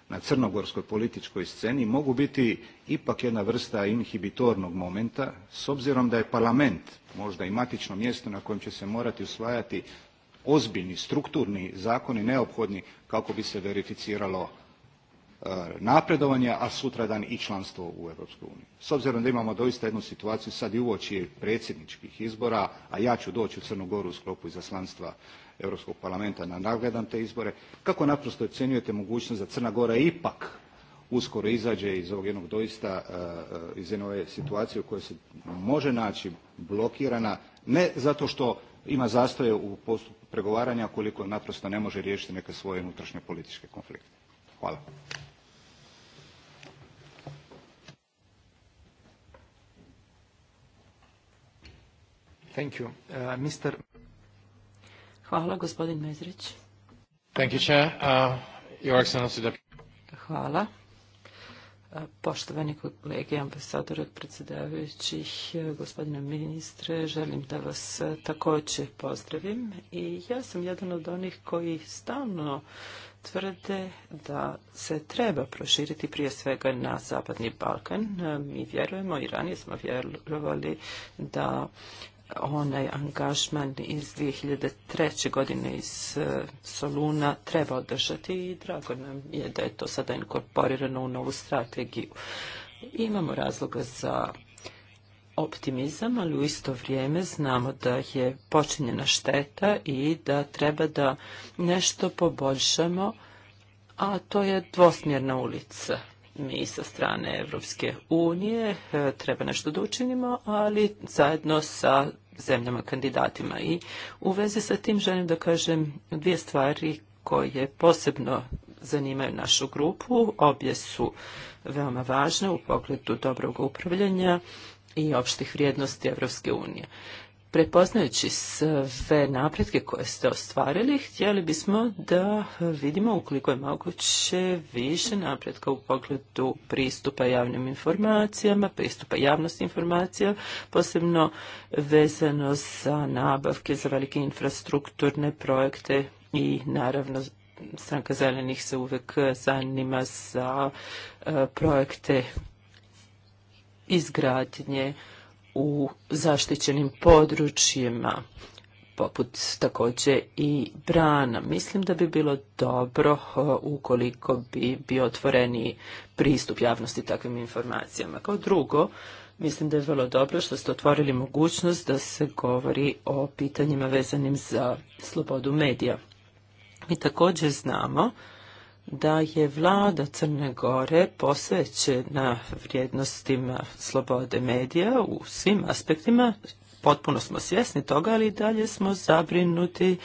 na crnogorskoj političkoj sceni mogu biti ipak jedna vrsta inhibitornog momenta, s obzirom da je parlament možda i matično mjesto na kojem će se morati usvajati ozbiljni strukturni zakoni neophodni kako bi se verificiralo E, napredovanja, a sutradan i članstvo u EU. uniju. S obzirom da imamo doista jednu situaciju sad i uoči predsjedničkih izbora, a ja ću doći u Crnu Goru u sklopu izaslanstva Europskog parlamenta na nagledam te izbore, kako naprosto ocjenjujete mogućnost da Crna Gora ipak uskoro izađe iz ovog jednog doista, e, e, iz jedne ove situacije u kojoj se može naći blokirana, ne zato što ima zastoje u postupku pregovaranja koliko naprosto ne može riješiti neke svoje unutrašnje političke konflikte. Hvala. Thank you. Uh, Mr. Hvala, gospodin Mezrić. Thank you, Chair. Uh, Your Excellency Deputy. Hvala. Uh, poštovani kolege, ambasador predsjedavajućih, uh, gospodine ministre, želim da vas uh, također pozdravim. I ja sam jedan od onih koji stalno tvrde da se treba proširiti prije svega na Zapadni Balkan. Mi vjerujemo i ranije smo vjerovali da onaj angažman iz 2003. godine iz e, Soluna treba održati i drago nam je da je to sada inkorporirano u novu strategiju. Imamo razloga za optimizam, ali u isto vrijeme znamo da je počinjena šteta i da treba da nešto poboljšamo, a to je dvosmjerna ulica mi sa strane Evropske unije eh, treba nešto da učinimo, ali zajedno sa zemljama kandidatima. I u vezi sa tim želim da kažem dvije stvari koje posebno zanimaju našu grupu. Obje su veoma važne u pogledu dobrog upravljanja i opštih vrijednosti Evropske unije prepoznajući sve napretke koje ste ostvarili, htjeli bismo da vidimo ukoliko je moguće više napretka u pogledu pristupa javnim informacijama, pristupa javnosti informacija, posebno vezano za nabavke za velike infrastrukturne projekte i naravno stranka zelenih se uvek zanima za eh, projekte izgradnje u zaštićenim područjima poput također i brana. Mislim da bi bilo dobro e, ukoliko bi bio otvoreni pristup javnosti takvim informacijama. Kao drugo, mislim da je vrlo dobro što ste otvorili mogućnost da se govori o pitanjima vezanim za slobodu medija. Mi također znamo da je vlada Crne Gore posvećena vrijednostima slobode medija u svim aspektima, potpuno smo svjesni toga, ali dalje smo zabrinuti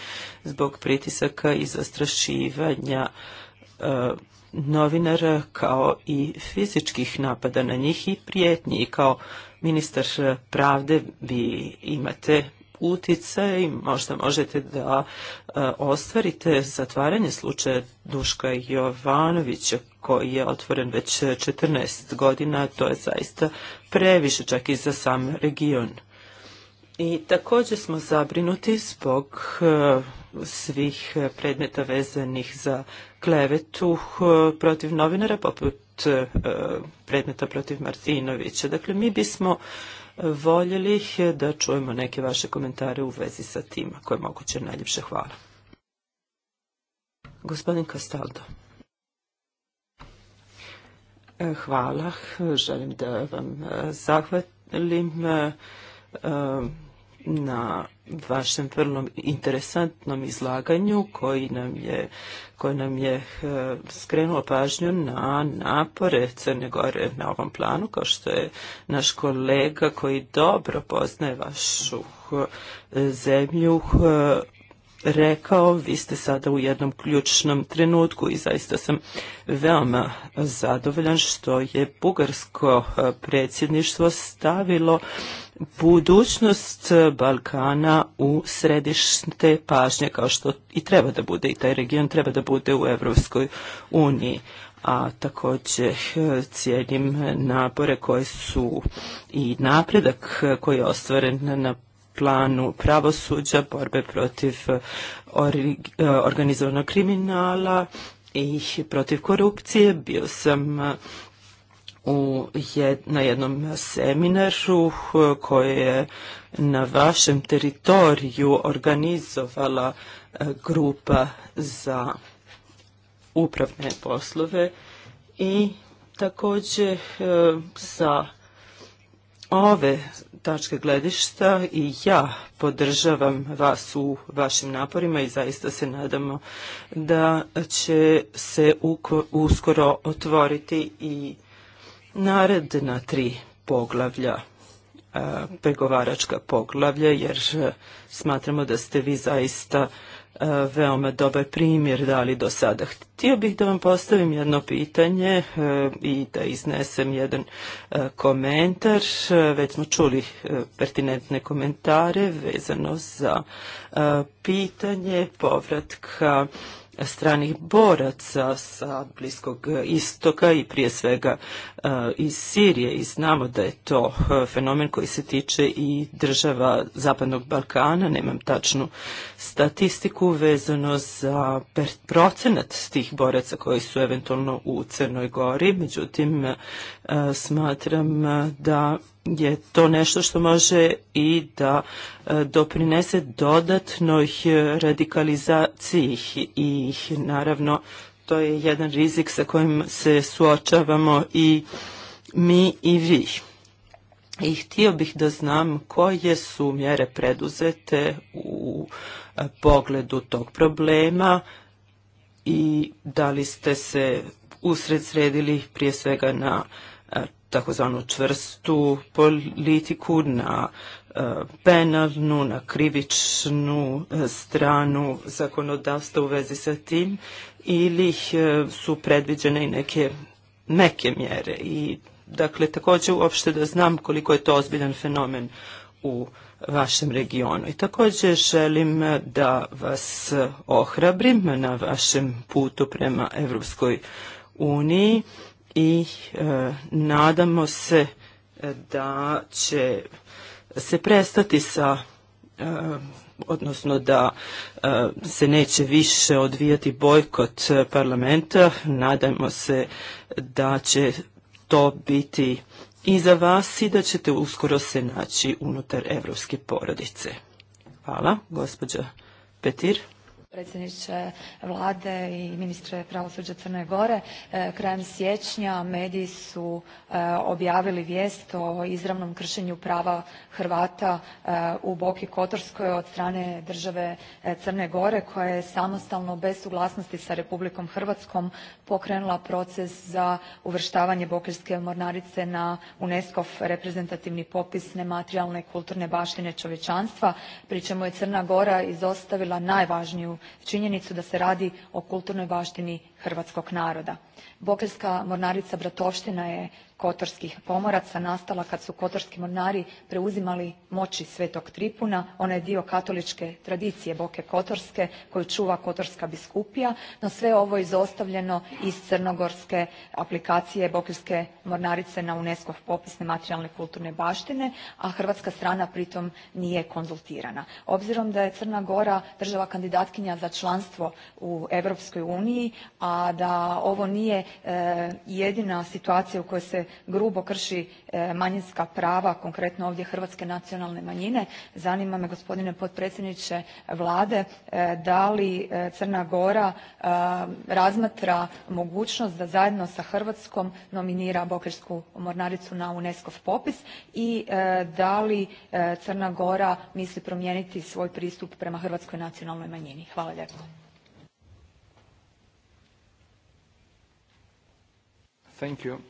zbog pritisaka i zastrašivanja e, novinara kao i fizičkih napada na njih i prijetnji. i Kao ministar pravde vi imate utjecaj, možda možete da e, ostvarite zatvaranje slučaja Duška Jovanovića koji je otvoren već 14 godina, to je zaista previše čak i za sam region. I također smo zabrinuti zbog e, svih predmeta vezanih za klevetu e, protiv novinara poput predmeta protiv Martinovića. Dakle, mi bismo uh, voljeli da čujemo neke vaše komentare u vezi sa tim, ako je moguće. Najljepše hvala. Gospodin Castaldo. E, hvala. Želim da vam e, zahvalim e, na vašem vrlo interesantnom izlaganju koji nam je, koji nam je eh, skrenuo pažnju na napore Crne Gore na ovom planu, kao što je naš kolega koji dobro poznaje vašu eh, zemlju eh, rekao, vi ste sada u jednom ključnom trenutku i zaista sam veoma zadovoljan što je bugarsko eh, predsjedništvo stavilo budućnost eh, Balkana u središte pažnje kao što i treba da bude i taj region treba da bude u Evropskoj uniji a također eh, cijenim napore koje su i napredak koji je ostvaren na planu pravosuđa, borbe protiv eh, or, eh, organizovanog kriminala i protiv korupcije. Bio sam u jed, na jednom seminaru koje je na vašem teritoriju organizovala eh, grupa za upravne poslove i također sa ove Tačka gledišta i ja podržavam vas u vašim naporima i zaista se nadamo da će se uskoro otvoriti i naredna tri poglavlja pregovaračka poglavlja jer smatramo da ste vi zaista uh, veoma dobar primjer dali do sada. Htio bih da vam postavim jedno pitanje e, i da iznesem jedan e, komentar. E, već smo čuli pertinentne komentare vezano za pitanje povratka stranih boraca sa Bliskog istoka i prije svega e, iz Sirije i znamo da je to e, fenomen koji se tiče i država Zapadnog Balkana, nemam tačnu statistiku vezano za procenat tih boraca koji su eventualno u Crnoj Gori, međutim e, smatram da je to nešto što može i da e, doprinese dodatnoj radikalizaciji i naravno to je jedan rizik sa kojim se suočavamo i mi i vi. I htio bih da znam koje su mjere preduzete u e, pogledu tog problema i da li ste se usred sredili prije svega na e, takozvanu čvrstu politiku, na penalnu, eh, na krivičnu eh, stranu zakonodavstva u vezi sa tim ili eh, su predviđene i neke meke mjere i dakle također uopšte da znam koliko je to ozbiljan fenomen u vašem regionu. I također želim da vas ohrabrim na vašem putu prema Evropskoj uniji i eh, nadamo se eh, da će se prestati sa eh, odnosno da se neće više odvijati bojkot parlamenta. nadamo se da će to biti i za vas i da ćete uskoro se naći unutar evropske porodice. Hvala, gospođa Petir predsjedniče vlade i ministre pravosuđa Crne Gore. E, krajem siječnja mediji su e, objavili vijest o izravnom kršenju prava Hrvata e, u Boki Kotorskoj od strane države Crne Gore koja je samostalno bez suglasnosti sa Republikom Hrvatskom pokrenula proces za uvrštavanje Bokeljske mornarice na UNESCO reprezentativni popis nematerijalne kulturne baštine čovječanstva pri čemu je Crna Gora izostavila najvažniju činjenicu da se radi o kulturnoj baštini hrvatskog naroda. Bokeljska mornarica Bratovština je kotorskih pomoraca nastala kad su kotorski mornari preuzimali moći Svetog Tripuna. Ona je dio katoličke tradicije Boke Kotorske koju čuva Kotorska biskupija, no sve ovo je izostavljeno iz crnogorske aplikacije Bokeljske mornarice na UNESCO popisne materijalne kulturne baštine, a hrvatska strana pritom nije konzultirana. Obzirom da je Crna Gora država kandidatkinja za članstvo u Europskoj uniji, a a da ovo nije e, jedina situacija u kojoj se grubo krši e, manjinska prava, konkretno ovdje hrvatske nacionalne manjine. Zanima me, gospodine potpredsjedniče vlade, e, da li e, Crna Gora e, razmatra mogućnost da zajedno sa Hrvatskom nominira Bokersku mornaricu na UNESCO popis i e, da li e, Crna Gora misli promijeniti svoj pristup prema hrvatskoj nacionalnoj manjini. Hvala lijepo. Thank you.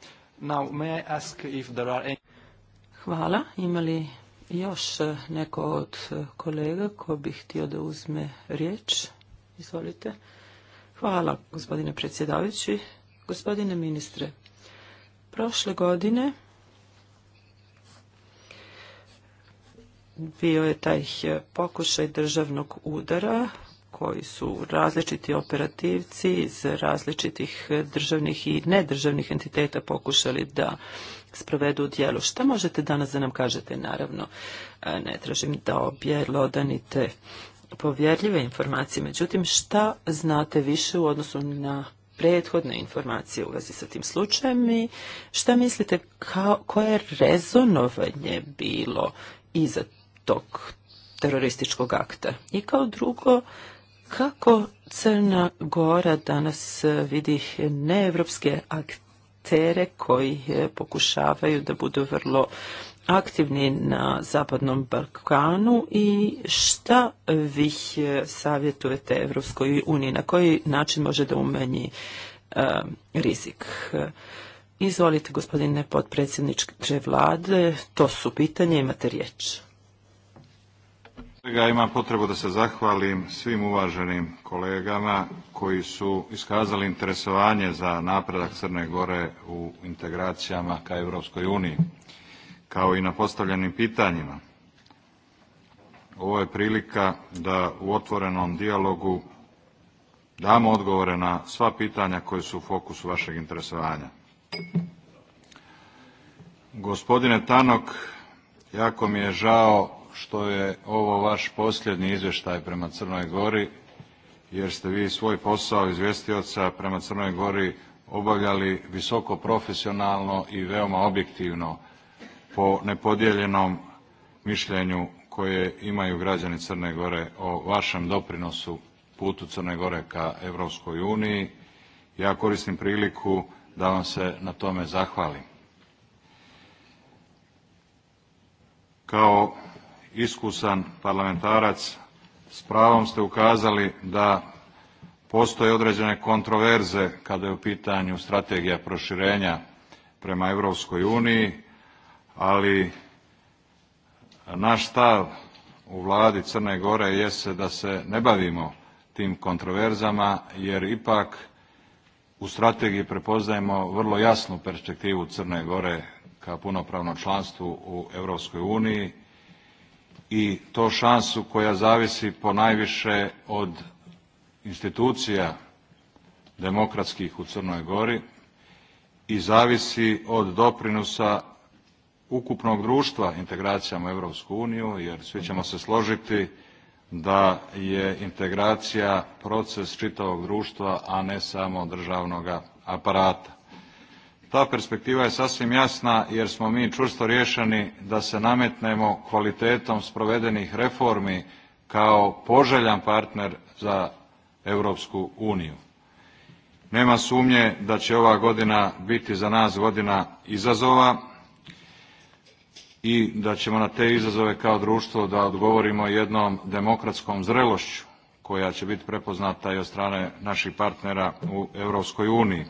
Now, may I ask if there are any... Hvala. Ima li još eh, neko od eh, kolega ko bi htio da uzme riječ? Izvolite. Hvala, gospodine predsjedavajući. Gospodine ministre, prošle godine bio je taj eh, pokušaj državnog udara koji su različiti operativci iz različitih državnih i nedržavnih entiteta pokušali da sprovedu u dijelu. Šta možete danas da nam kažete? Naravno, ne tražim da objelodanite povjerljive informacije. Međutim, šta znate više u odnosu na prethodne informacije u vezi sa tim slučajem i šta mislite kao, koje je rezonovanje bilo iza tog terorističkog akta? I kao drugo, Kako Crna Gora danas eh, vidi neevropske aktere koji eh, pokušavaju da budu vrlo aktivni na Zapadnom Balkanu i šta vi eh, savjetujete Evropskoj uniji, na koji način može da umenji rizik? Izvolite, gospodine potpredsjedniče vlade, to su pitanje, imate riječ. Svega imam potrebu da se zahvalim svim uvaženim kolegama koji su iskazali interesovanje za napredak Crne Gore u integracijama ka Europskoj uniji, kao i na postavljenim pitanjima. Ovo je prilika da u otvorenom dijalogu damo odgovore na sva pitanja koje su u fokusu vašeg interesovanja. Gospodine Tanok, jako mi je žao što je ovo vaš posljednji izvještaj prema Crnoj Gori, jer ste vi svoj posao izvjestioca prema Crnoj Gori obavljali visoko profesionalno i veoma objektivno po nepodijeljenom mišljenju koje imaju građani Crne Gore o vašem doprinosu putu Crne Gore ka Evropskoj uniji. Ja koristim priliku da vam se na tome zahvalim. Kao iskusan parlamentarac, s pravom ste ukazali da postoje određene kontroverze kada je u pitanju strategija proširenja prema Europskoj uniji, ali naš stav u vladi Crne Gore jeste da se ne bavimo tim kontroverzama, jer ipak u strategiji prepoznajemo vrlo jasnu perspektivu Crne Gore ka punopravnom članstvu u Europskoj uniji i to šansu koja zavisi ponajviše od institucija demokratskih u Crnoj Gori i zavisi od doprinosa ukupnog društva integracijama Evropsku uniju, jer svi ćemo se složiti da je integracija proces čitavog društva, a ne samo državnog aparata. Ta perspektiva je sasvim jasna jer smo mi čvrsto rješeni da se nametnemo kvalitetom sprovedenih reformi kao poželjan partner za Europsku uniju. Nema sumnje da će ova godina biti za nas godina izazova i da ćemo na te izazove kao društvo da odgovorimo jednom demokratskom zrelošću koja će biti prepoznata i od strane naših partnera u Europskoj uniji.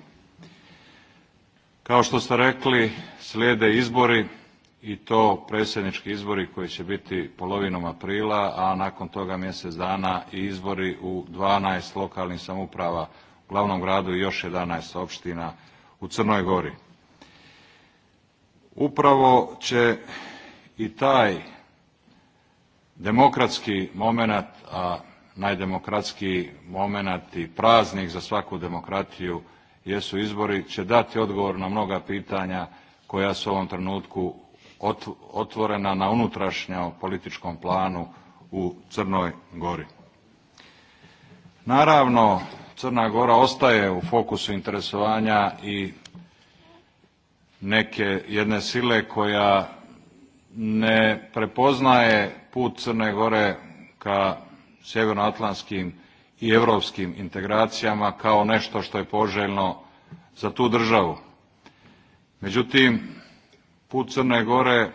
Kao što ste rekli, slijede izbori i to predsjednički izbori koji će biti polovinom aprila, a nakon toga mjesec dana i izbori u 12 lokalnih samuprava u glavnom gradu i još 11 opština u Crnoj Gori. Upravo će i taj demokratski moment, a najdemokratski moment i praznik za svaku demokratiju jesu izbori, će dati odgovor na mnoga pitanja koja su u ovom trenutku otvorena na unutrašnjem političkom planu u Crnoj Gori. Naravno, Crna Gora ostaje u fokusu interesovanja i neke jedne sile koja ne prepoznaje put Crne Gore ka sjevernoatlantskim i europskim integracijama kao nešto što je poželjno za tu državu. Međutim, put Crne Gore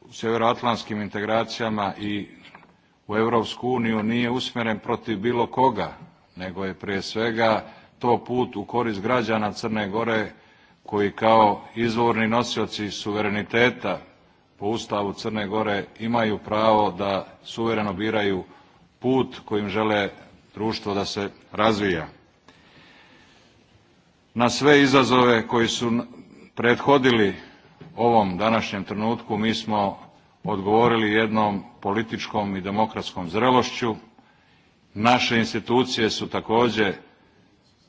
u sjeveroatlantskim integracijama i u Evropsku uniju nije usmjeren protiv bilo koga, nego je prije svega to put u korist građana Crne Gore koji kao izvorni nosioci suvereniteta po Ustavu Crne Gore imaju pravo da suvereno biraju put kojim žele društvo da se razvija. Na sve izazove koji su prethodili ovom današnjem trenutku mi smo odgovorili jednom političkom i demokratskom zrelošću. Naše institucije su također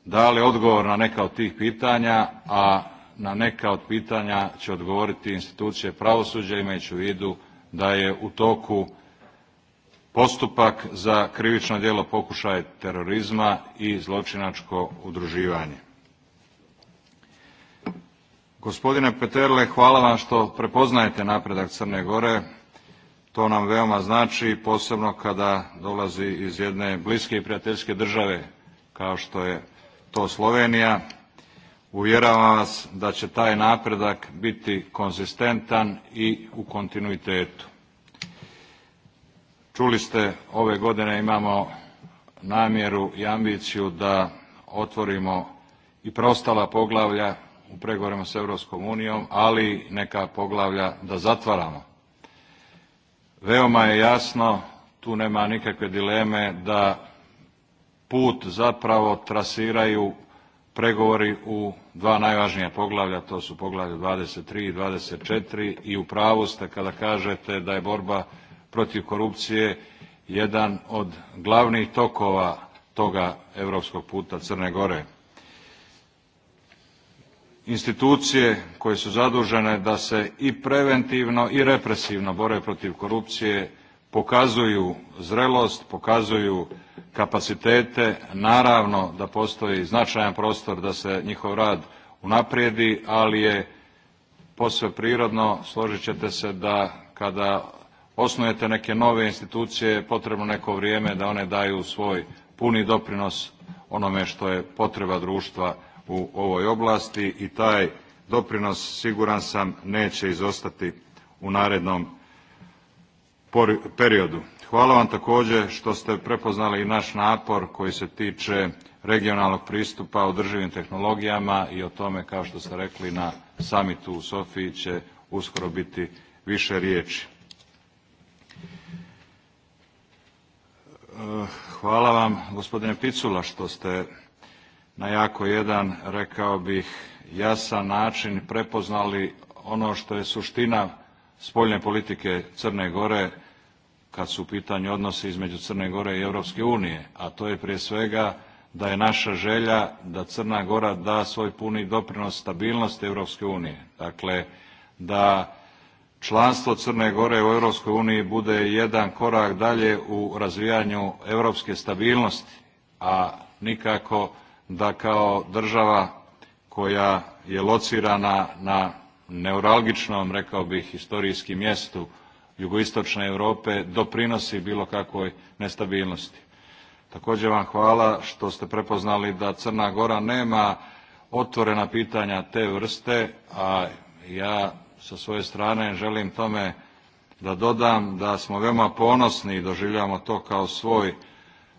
dale odgovor na neka od tih pitanja, a na neka od pitanja će odgovoriti institucije pravosuđa imajući u vidu da je u toku postupak za krivično djelo pokušaja terorizma i zločinačko udruživanje. Gospodine Peterle, hvala vam što prepoznajete napredak Crne Gore. To nam veoma znači, posebno kada dolazi iz jedne bliske i prijateljske države kao što je to Slovenija. Uvjeravam vas da će taj napredak biti konzistentan i u kontinuitetu. Čuli ste, ove godine imamo namjeru i ambiciju da otvorimo i preostala poglavlja u pregovorima s Europskom unijom, ali neka poglavlja da zatvaramo. Veoma je jasno, tu nema nikakve dileme, da put zapravo trasiraju pregovori u dva najvažnija poglavlja, to su poglavlja 23 i 24 i u pravu ste kada kažete da je borba protiv korupcije jedan od glavnih tokova toga europskog puta Crne Gore. Institucije koje su zadužene da se i preventivno i represivno bore protiv korupcije pokazuju zrelost, pokazuju kapacitete. Naravno da postoji značajan prostor da se njihov rad unaprijedi, ali je posve prirodno, složit ćete se da kada osnujete neke nove institucije, potrebno neko vrijeme da one daju svoj puni doprinos onome što je potreba društva u ovoj oblasti i taj doprinos, siguran sam, neće izostati u narednom periodu. Hvala vam također što ste prepoznali i naš napor koji se tiče regionalnog pristupa održivim tehnologijama i o tome, kao što ste rekli, na samitu u Sofiji će uskoro biti više riječi. Hvala vam, gospodine Picula, što ste na jako jedan, rekao bih, jasan način prepoznali ono što je suština spoljne politike Crne Gore kad su u pitanju odnosi između Crne Gore i Europske unije, a to je prije svega da je naša želja da Crna Gora da svoj puni doprinos stabilnosti Europske unije. Dakle, da članstvo Crne Gore u Europskoj uniji bude jedan korak dalje u razvijanju europske stabilnosti, a nikako da kao država koja je locirana na neuralgičnom, rekao bih, historijskom mjestu jugoistočne Europe doprinosi bilo kakvoj nestabilnosti. Također vam hvala što ste prepoznali da Crna Gora nema otvorena pitanja te vrste, a ja sa svoje strane želim tome da dodam da smo veoma ponosni i doživljavamo to kao svoj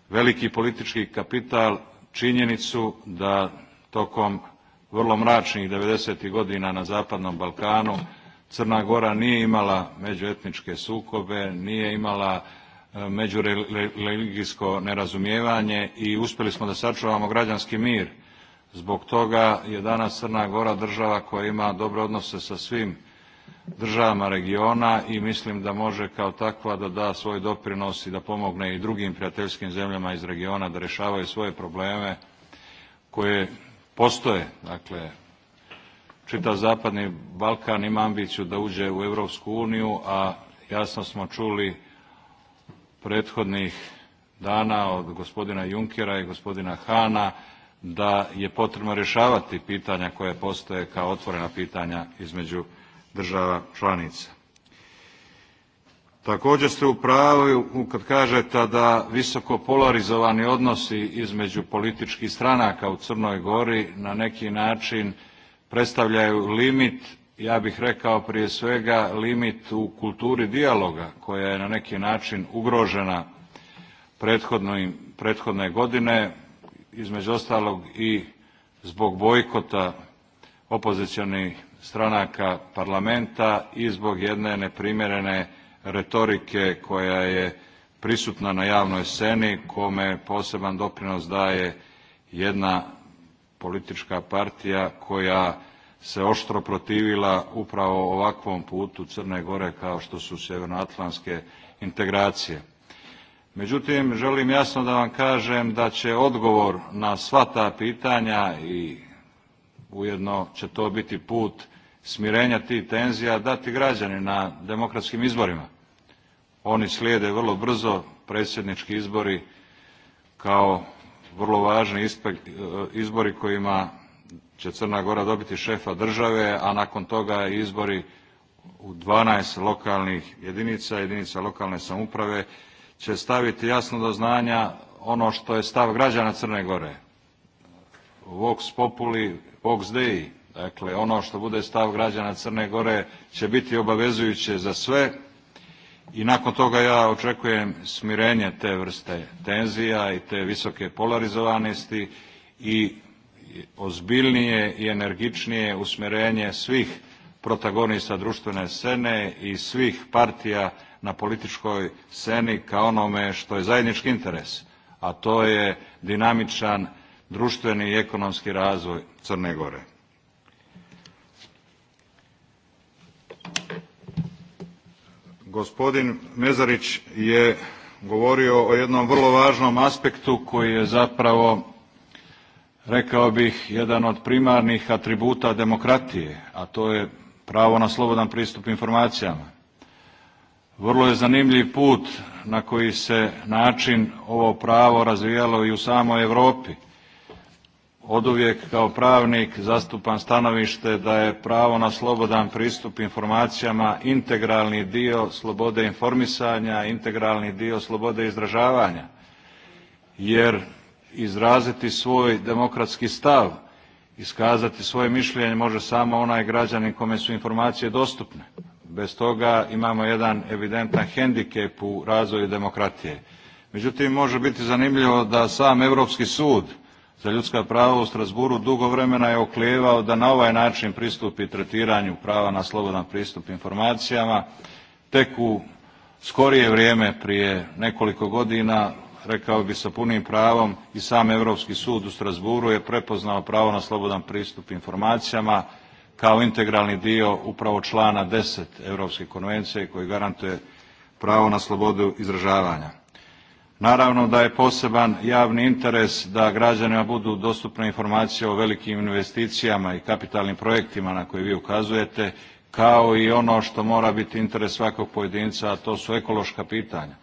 veliki politički kapital činjenicu da tokom vrlo mračnih 90. godina na Zapadnom Balkanu Crna Gora nije imala međuetničke sukobe, nije imala e, međureligijsko nerazumijevanje i uspjeli smo da sačuvamo građanski mir. Zbog toga je danas Crna Gora država koja ima dobre odnose sa svim državama regiona i mislim da može kao takva da da svoj doprinos i da pomogne i drugim prijateljskim zemljama iz regiona da rešavaju svoje probleme koje postoje. Dakle, čitav Zapadni Balkan ima ambiciju da uđe u Evropsku uniju, a jasno smo čuli prethodnih dana od gospodina Junkera i gospodina Hana da je potrebno rješavati pitanja koje postoje kao otvorena pitanja između država članica. Također ste u pravu kad kažete da visoko polarizovani odnosi između političkih stranaka u Crnoj Gori na neki način predstavljaju limit, ja bih rekao prije svega limit u kulturi dijaloga koja je na neki način ugrožena prethodne godine, između ostalog i zbog bojkota opozicionih stranaka parlamenta i zbog jedne neprimjerene retorike koja je prisutna na javnoj sceni, kome poseban doprinos daje jedna politička partija koja se oštro protivila upravo ovakvom putu Crne Gore kao što su sjevernoatlantske integracije. Međutim, želim jasno da vam kažem da će odgovor na sva ta pitanja i ujedno će to biti put smirenja tih tenzija dati građani na demokratskim izborima. Oni slijede vrlo brzo predsjednički izbori kao vrlo važni e, izbori kojima će Crna Gora dobiti šefa države, a nakon toga izbori u 12 lokalnih jedinica, jedinica lokalne samuprave, će staviti jasno do znanja ono što je stav građana Crne Gore, Vox Populi, Vox Dei. Dakle, ono što bude stav građana Crne Gore će biti obavezujuće za sve i nakon toga ja očekujem smirenje te vrste tenzija i te visoke polarizovanosti i ozbiljnije i energičnije usmjerenje svih protagonista društvene scene i svih partija na političkoj sceni ka onome što je zajednički interes, a to je dinamičan društveni i ekonomski razvoj Crne Gore. Gospodin Mezarić je govorio o jednom vrlo važnom aspektu koji je zapravo, rekao bih, jedan od primarnih atributa demokratije, a to je pravo na slobodan pristup informacijama. Vrlo je zanimljiv put na koji se način ovo pravo razvijalo i u samoj Evropi oduvijek kao pravnik zastupam stanovište da je pravo na slobodan pristup informacijama integralni dio slobode informisanja, integralni dio slobode izražavanja. Jer izraziti svoj demokratski stav, iskazati svoje mišljenje može samo onaj građanin kome su informacije dostupne. Bez toga imamo jedan evidentan hendikep u razvoju demokratije. Međutim, može biti zanimljivo da sam Europski sud – za ljudska prava u Strasburu dugo vremena je oklijevao da na ovaj način pristupi tretiranju prava na slobodan pristup informacijama. Tek u skorije vrijeme prije nekoliko godina rekao bi sa punim pravom i sam Europski sud u Strasburu je prepoznao pravo na slobodan pristup informacijama kao integralni dio upravo člana 10 Europske konvencije koji garantuje pravo na slobodu izražavanja. Naravno da je poseban javni interes da građanima budu dostupne informacije o velikim investicijama i kapitalnim projektima na koje vi ukazujete, kao i ono što mora biti interes svakog pojedinca, a to su ekološka pitanja.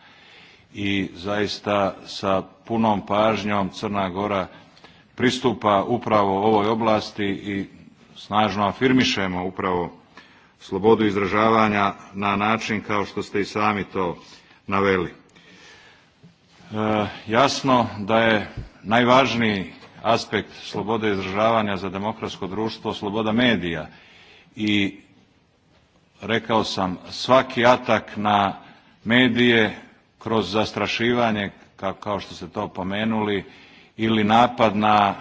I zaista sa punom pažnjom Crna Gora pristupa upravo ovoj oblasti i snažno afirmišemo upravo slobodu izražavanja na način kao što ste i sami to naveli. E, jasno da je najvažniji aspekt slobode izražavanja za demokratsko društvo sloboda medija i rekao sam svaki atak na medije kroz zastrašivanje kao, što ste to pomenuli ili napad na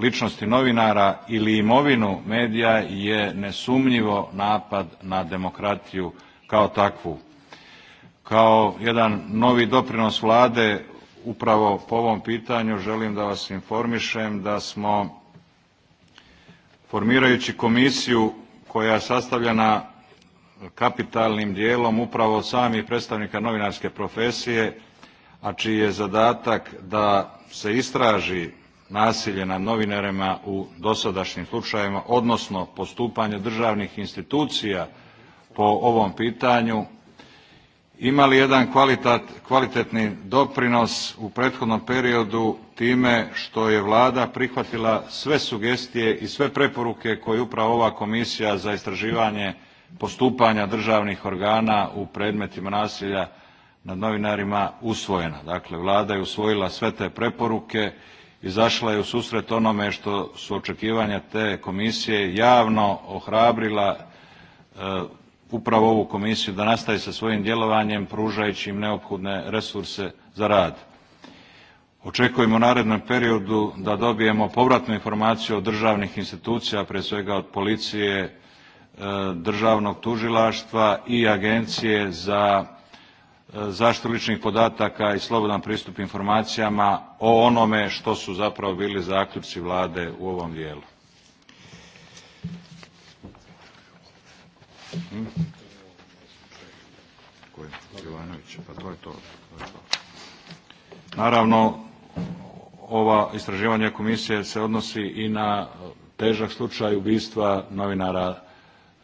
ličnosti novinara ili imovinu medija je nesumnjivo napad na demokratiju kao takvu. Kao jedan novi doprinos vlade upravo po ovom pitanju želim da vas informišem da smo formirajući komisiju koja je sastavljena kapitalnim dijelom upravo sami predstavnika novinarske profesije, a čiji je zadatak da se istraži nasilje nad novinarima u dosadašnjim slučajevima, odnosno postupanje državnih institucija po ovom pitanju, imali jedan kvalitat, kvalitetni doprinos u prethodnom periodu time što je vlada prihvatila sve sugestije i sve preporuke koje upravo ova komisija za istraživanje postupanja državnih organa u predmetima nasilja nad novinarima usvojena. Dakle, vlada je usvojila sve te preporuke, izašla je u susret onome što su očekivanja te komisije javno ohrabrila e, upravo ovu komisiju da nastavi sa svojim djelovanjem pružajući im neophodne resurse za rad. Očekujemo u narednom periodu da dobijemo povratnu informaciju od državnih institucija, pre svega od policije, e, državnog tužilaštva i agencije za e, zaštitu ličnih podataka i slobodan pristup informacijama o onome što su zapravo bili zaključci vlade u ovom dijelu. Naravno, ova istraživanja komisije se odnosi i na težak slučaj ubistva novinara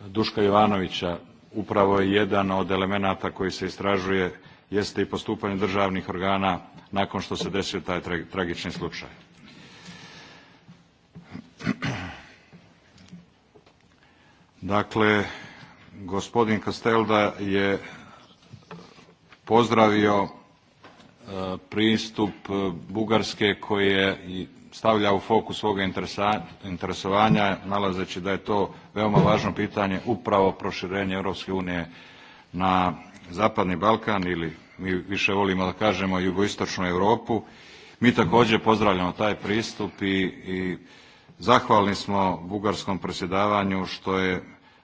Duška Jovanovića. Upravo je jedan od elemenata koji se istražuje jeste i postupanje državnih organa nakon što se desio taj tragični slučaj. Dakle, gospodin Kastelda je pozdravio e, pristup e, Bugarske koji je stavlja u fokus svoga interesovanja, nalazeći da je to veoma važno pitanje upravo proširenje Europske unije na Zapadni Balkan ili mi više volimo da kažemo jugoistočnu Europu. Mi također pozdravljamo taj pristup i, i zahvalni smo bugarskom predsjedavanju što je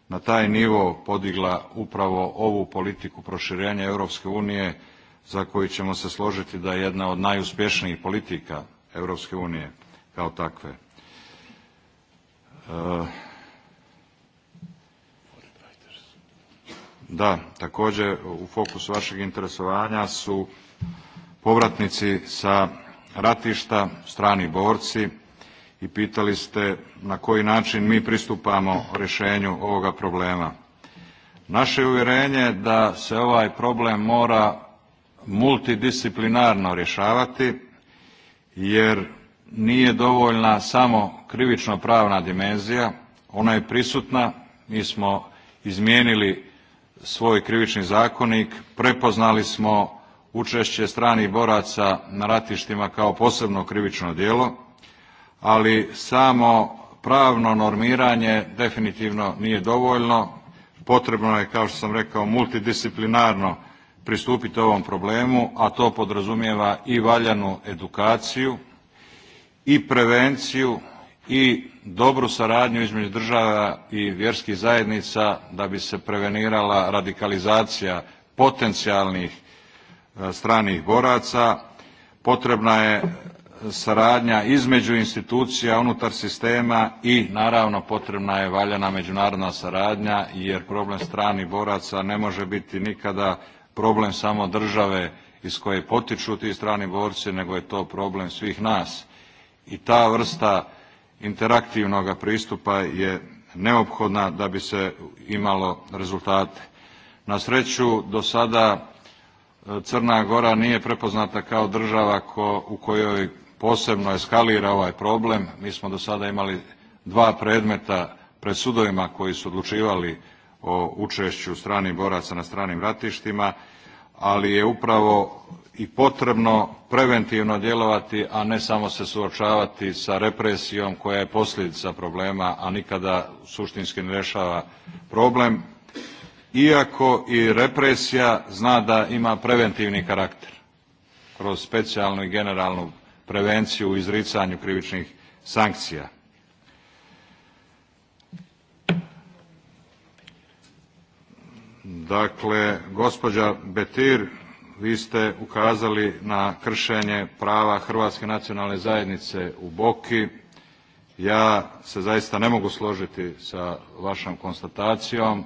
na taj nivo podigla upravo ovu politiku proširenja Europske unije za koju ćemo se složiti da je jedna od najuspješnijih politika Europske unije kao takve. E, da, također u fokusu vašeg interesovanja su povratnici sa ratišta, strani borci, i pitali ste na koji način mi pristupamo rješenju ovoga problema. Naše uvjerenje da se ovaj problem mora multidisciplinarno rješavati, jer nije dovoljna samo krivično-pravna dimenzija, ona je prisutna, mi smo izmijenili svoj krivični zakonik, prepoznali smo učešće stranih boraca na ratištima kao posebno krivično djelo, ali samo pravno normiranje definitivno nije dovoljno. Potrebno je, kao što sam rekao, multidisciplinarno pristupiti ovom problemu, a to podrazumijeva i valjanu edukaciju, i prevenciju, i dobru saradnju između država i vjerskih zajednica da bi se prevenirala radikalizacija potencijalnih e, stranih boraca. Potrebna je saradnja između institucija unutar sistema i naravno potrebna je valjana međunarodna saradnja jer problem stranih boraca ne može biti nikada problem samo države iz koje potiču ti strani borci, nego je to problem svih nas. I ta vrsta interaktivnog pristupa je neophodna da bi se imalo rezultate. Na sreću do sada e, Crna Gora nije prepoznata kao država ko, u kojoj posebno eskalira ovaj problem. Mi smo do sada imali dva predmeta pred sudovima koji su odlučivali o učešću stranih boraca na stranim ratištima, ali je upravo i potrebno preventivno djelovati, a ne samo se suočavati sa represijom koja je posljedica problema, a nikada suštinski ne rješava problem, iako i represija zna da ima preventivni karakter kroz specijalnu i generalnu prevenciju u izricanju krivičnih sankcija. Dakle, gospođa Betir, vi ste ukazali na kršenje prava Hrvatske nacionalne zajednice u Boki. Ja se zaista ne mogu složiti sa vašom konstatacijom.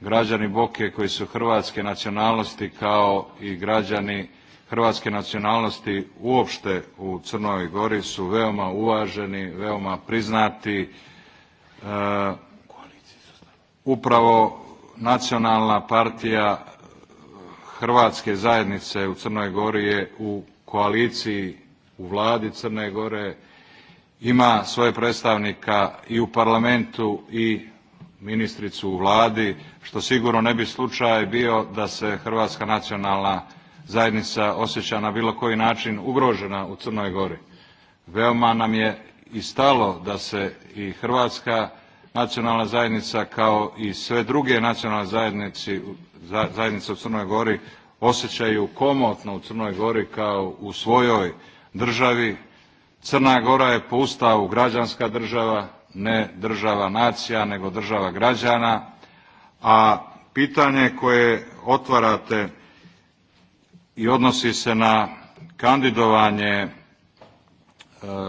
Građani Boke koji su hrvatske nacionalnosti kao i građani hrvatske nacionalnosti uopšte u Crnoj Gori su veoma uvaženi, veoma priznati. E, upravo nacionalna partija Hrvatske zajednice u Crnoj Gori je u koaliciji u vladi Crne Gore, ima svoje predstavnika i u parlamentu i ministricu u vladi, što sigurno ne bi slučaj bio da se Hrvatska nacionalna partija zajednica osjeća na bilo koji način ugrožena u Crnoj Gori. Veoma nam je i stalo da se i Hrvatska nacionalna zajednica kao i sve druge nacionalne zajednice, zajednice u Crnoj Gori osjećaju komotno u Crnoj Gori kao u svojoj državi. Crna Gora je po ustavu građanska država, ne država nacija, nego država građana, a pitanje koje otvarate i odnosi se na kandidovanje e,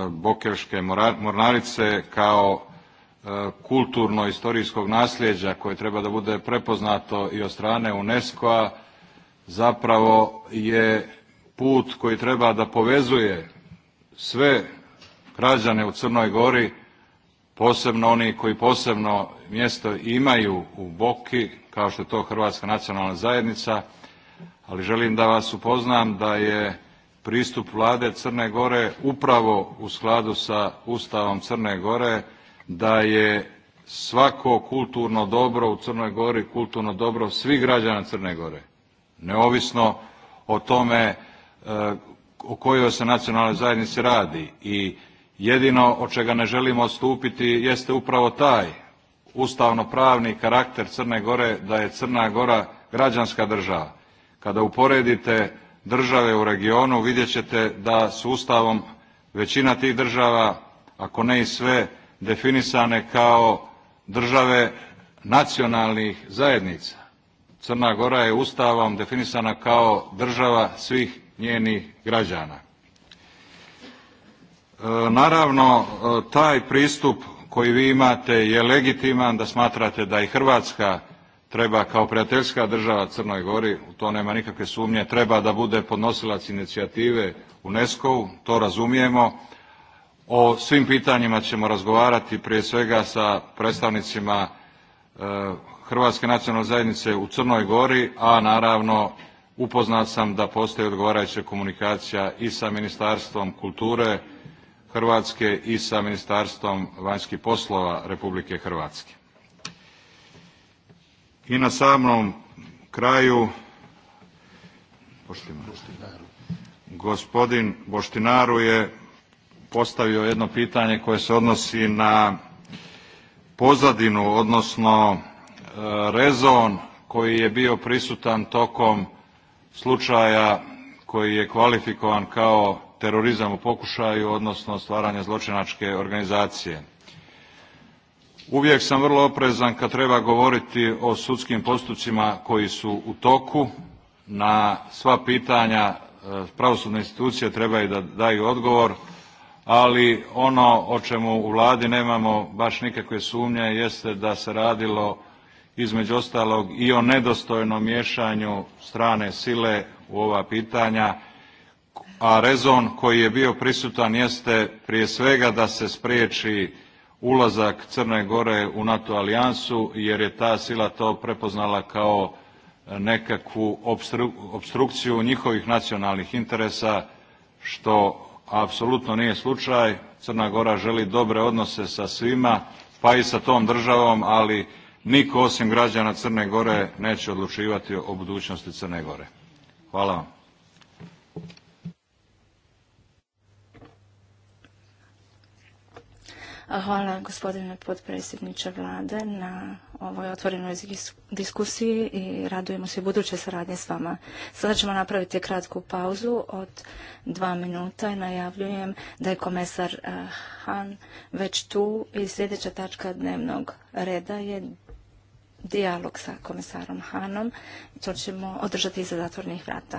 Bokerške mornarice kao e, kulturno-istorijskog nasljeđa koje treba da bude prepoznato i od strane UNESCO-a zapravo je put koji treba da povezuje sve građane u Crnoj Gori, posebno oni koji posebno mjesto imaju u Boki, kao što je to Hrvatska nacionalna zajednica, ali želim da vas upoznam da je pristup vlade Crne Gore upravo u skladu sa Ustavom Crne Gore, da je svako kulturno dobro u Crnoj Gori kulturno dobro svih građana Crne Gore, neovisno o tome e, o kojoj se nacionalnoj zajednici radi i jedino od čega ne želimo odstupiti jeste upravo taj ustavno pravni karakter Crne Gore da je Crna Gora građanska država. Kada uporedite države u regionu, vidjet ćete da s Ustavom većina tih država, ako ne i sve, definisane kao države nacionalnih zajednica. Crna Gora je Ustavom definisana kao država svih njenih građana. E, naravno, e, taj pristup koji vi imate je legitiman da smatrate da i Hrvatska treba kao prijateljska država Crnoj Gori, u to nema nikakve sumnje, treba da bude podnosilac inicijative UNESCO-u, to razumijemo. O svim pitanjima ćemo razgovarati prije svega sa predstavnicima e, Hrvatske nacionalne zajednice u Crnoj Gori, a naravno upoznat sam da postoji odgovarajuća komunikacija i sa Ministarstvom kulture Hrvatske i sa Ministarstvom vanjskih poslova Republike Hrvatske. I na samom kraju Boštinaru. gospodin Boštinaru je postavio jedno pitanje koje se odnosi na pozadinu, odnosno e, rezon koji je bio prisutan tokom slučaja koji je kvalifikovan kao terorizam u pokušaju, odnosno stvaranje zločinačke organizacije. Uvijek sam vrlo oprezan kad treba govoriti o sudskim postupcima koji su u toku. Na sva pitanja e, pravosudne institucije trebaju da daju odgovor, ali ono o čemu u vladi nemamo baš nikakve sumnje jeste da se radilo između ostalog i o nedostojnom miješanju strane sile u ova pitanja, a rezon koji je bio prisutan jeste prije svega da se spriječi ulazak Crne Gore u NATO alijansu jer je ta sila to prepoznala kao e, nekakvu obstrukciju njihovih nacionalnih interesa što apsolutno nije slučaj. Crna Gora želi dobre odnose sa svima pa i sa tom državom, ali niko osim građana Crne Gore neće odlučivati o budućnosti Crne Gore. Hvala vam. Uh, hvala gospodine potpredsjedniče vlade na ovoj otvorenoj diskusiji i radujemo se buduće saradnje s vama. Sada ćemo napraviti kratku pauzu od dva minuta i najavljujem da je komesar uh, Han već tu i sljedeća tačka dnevnog reda je dijalog sa komesarom Hanom. To ćemo održati iza zatvornih vrata.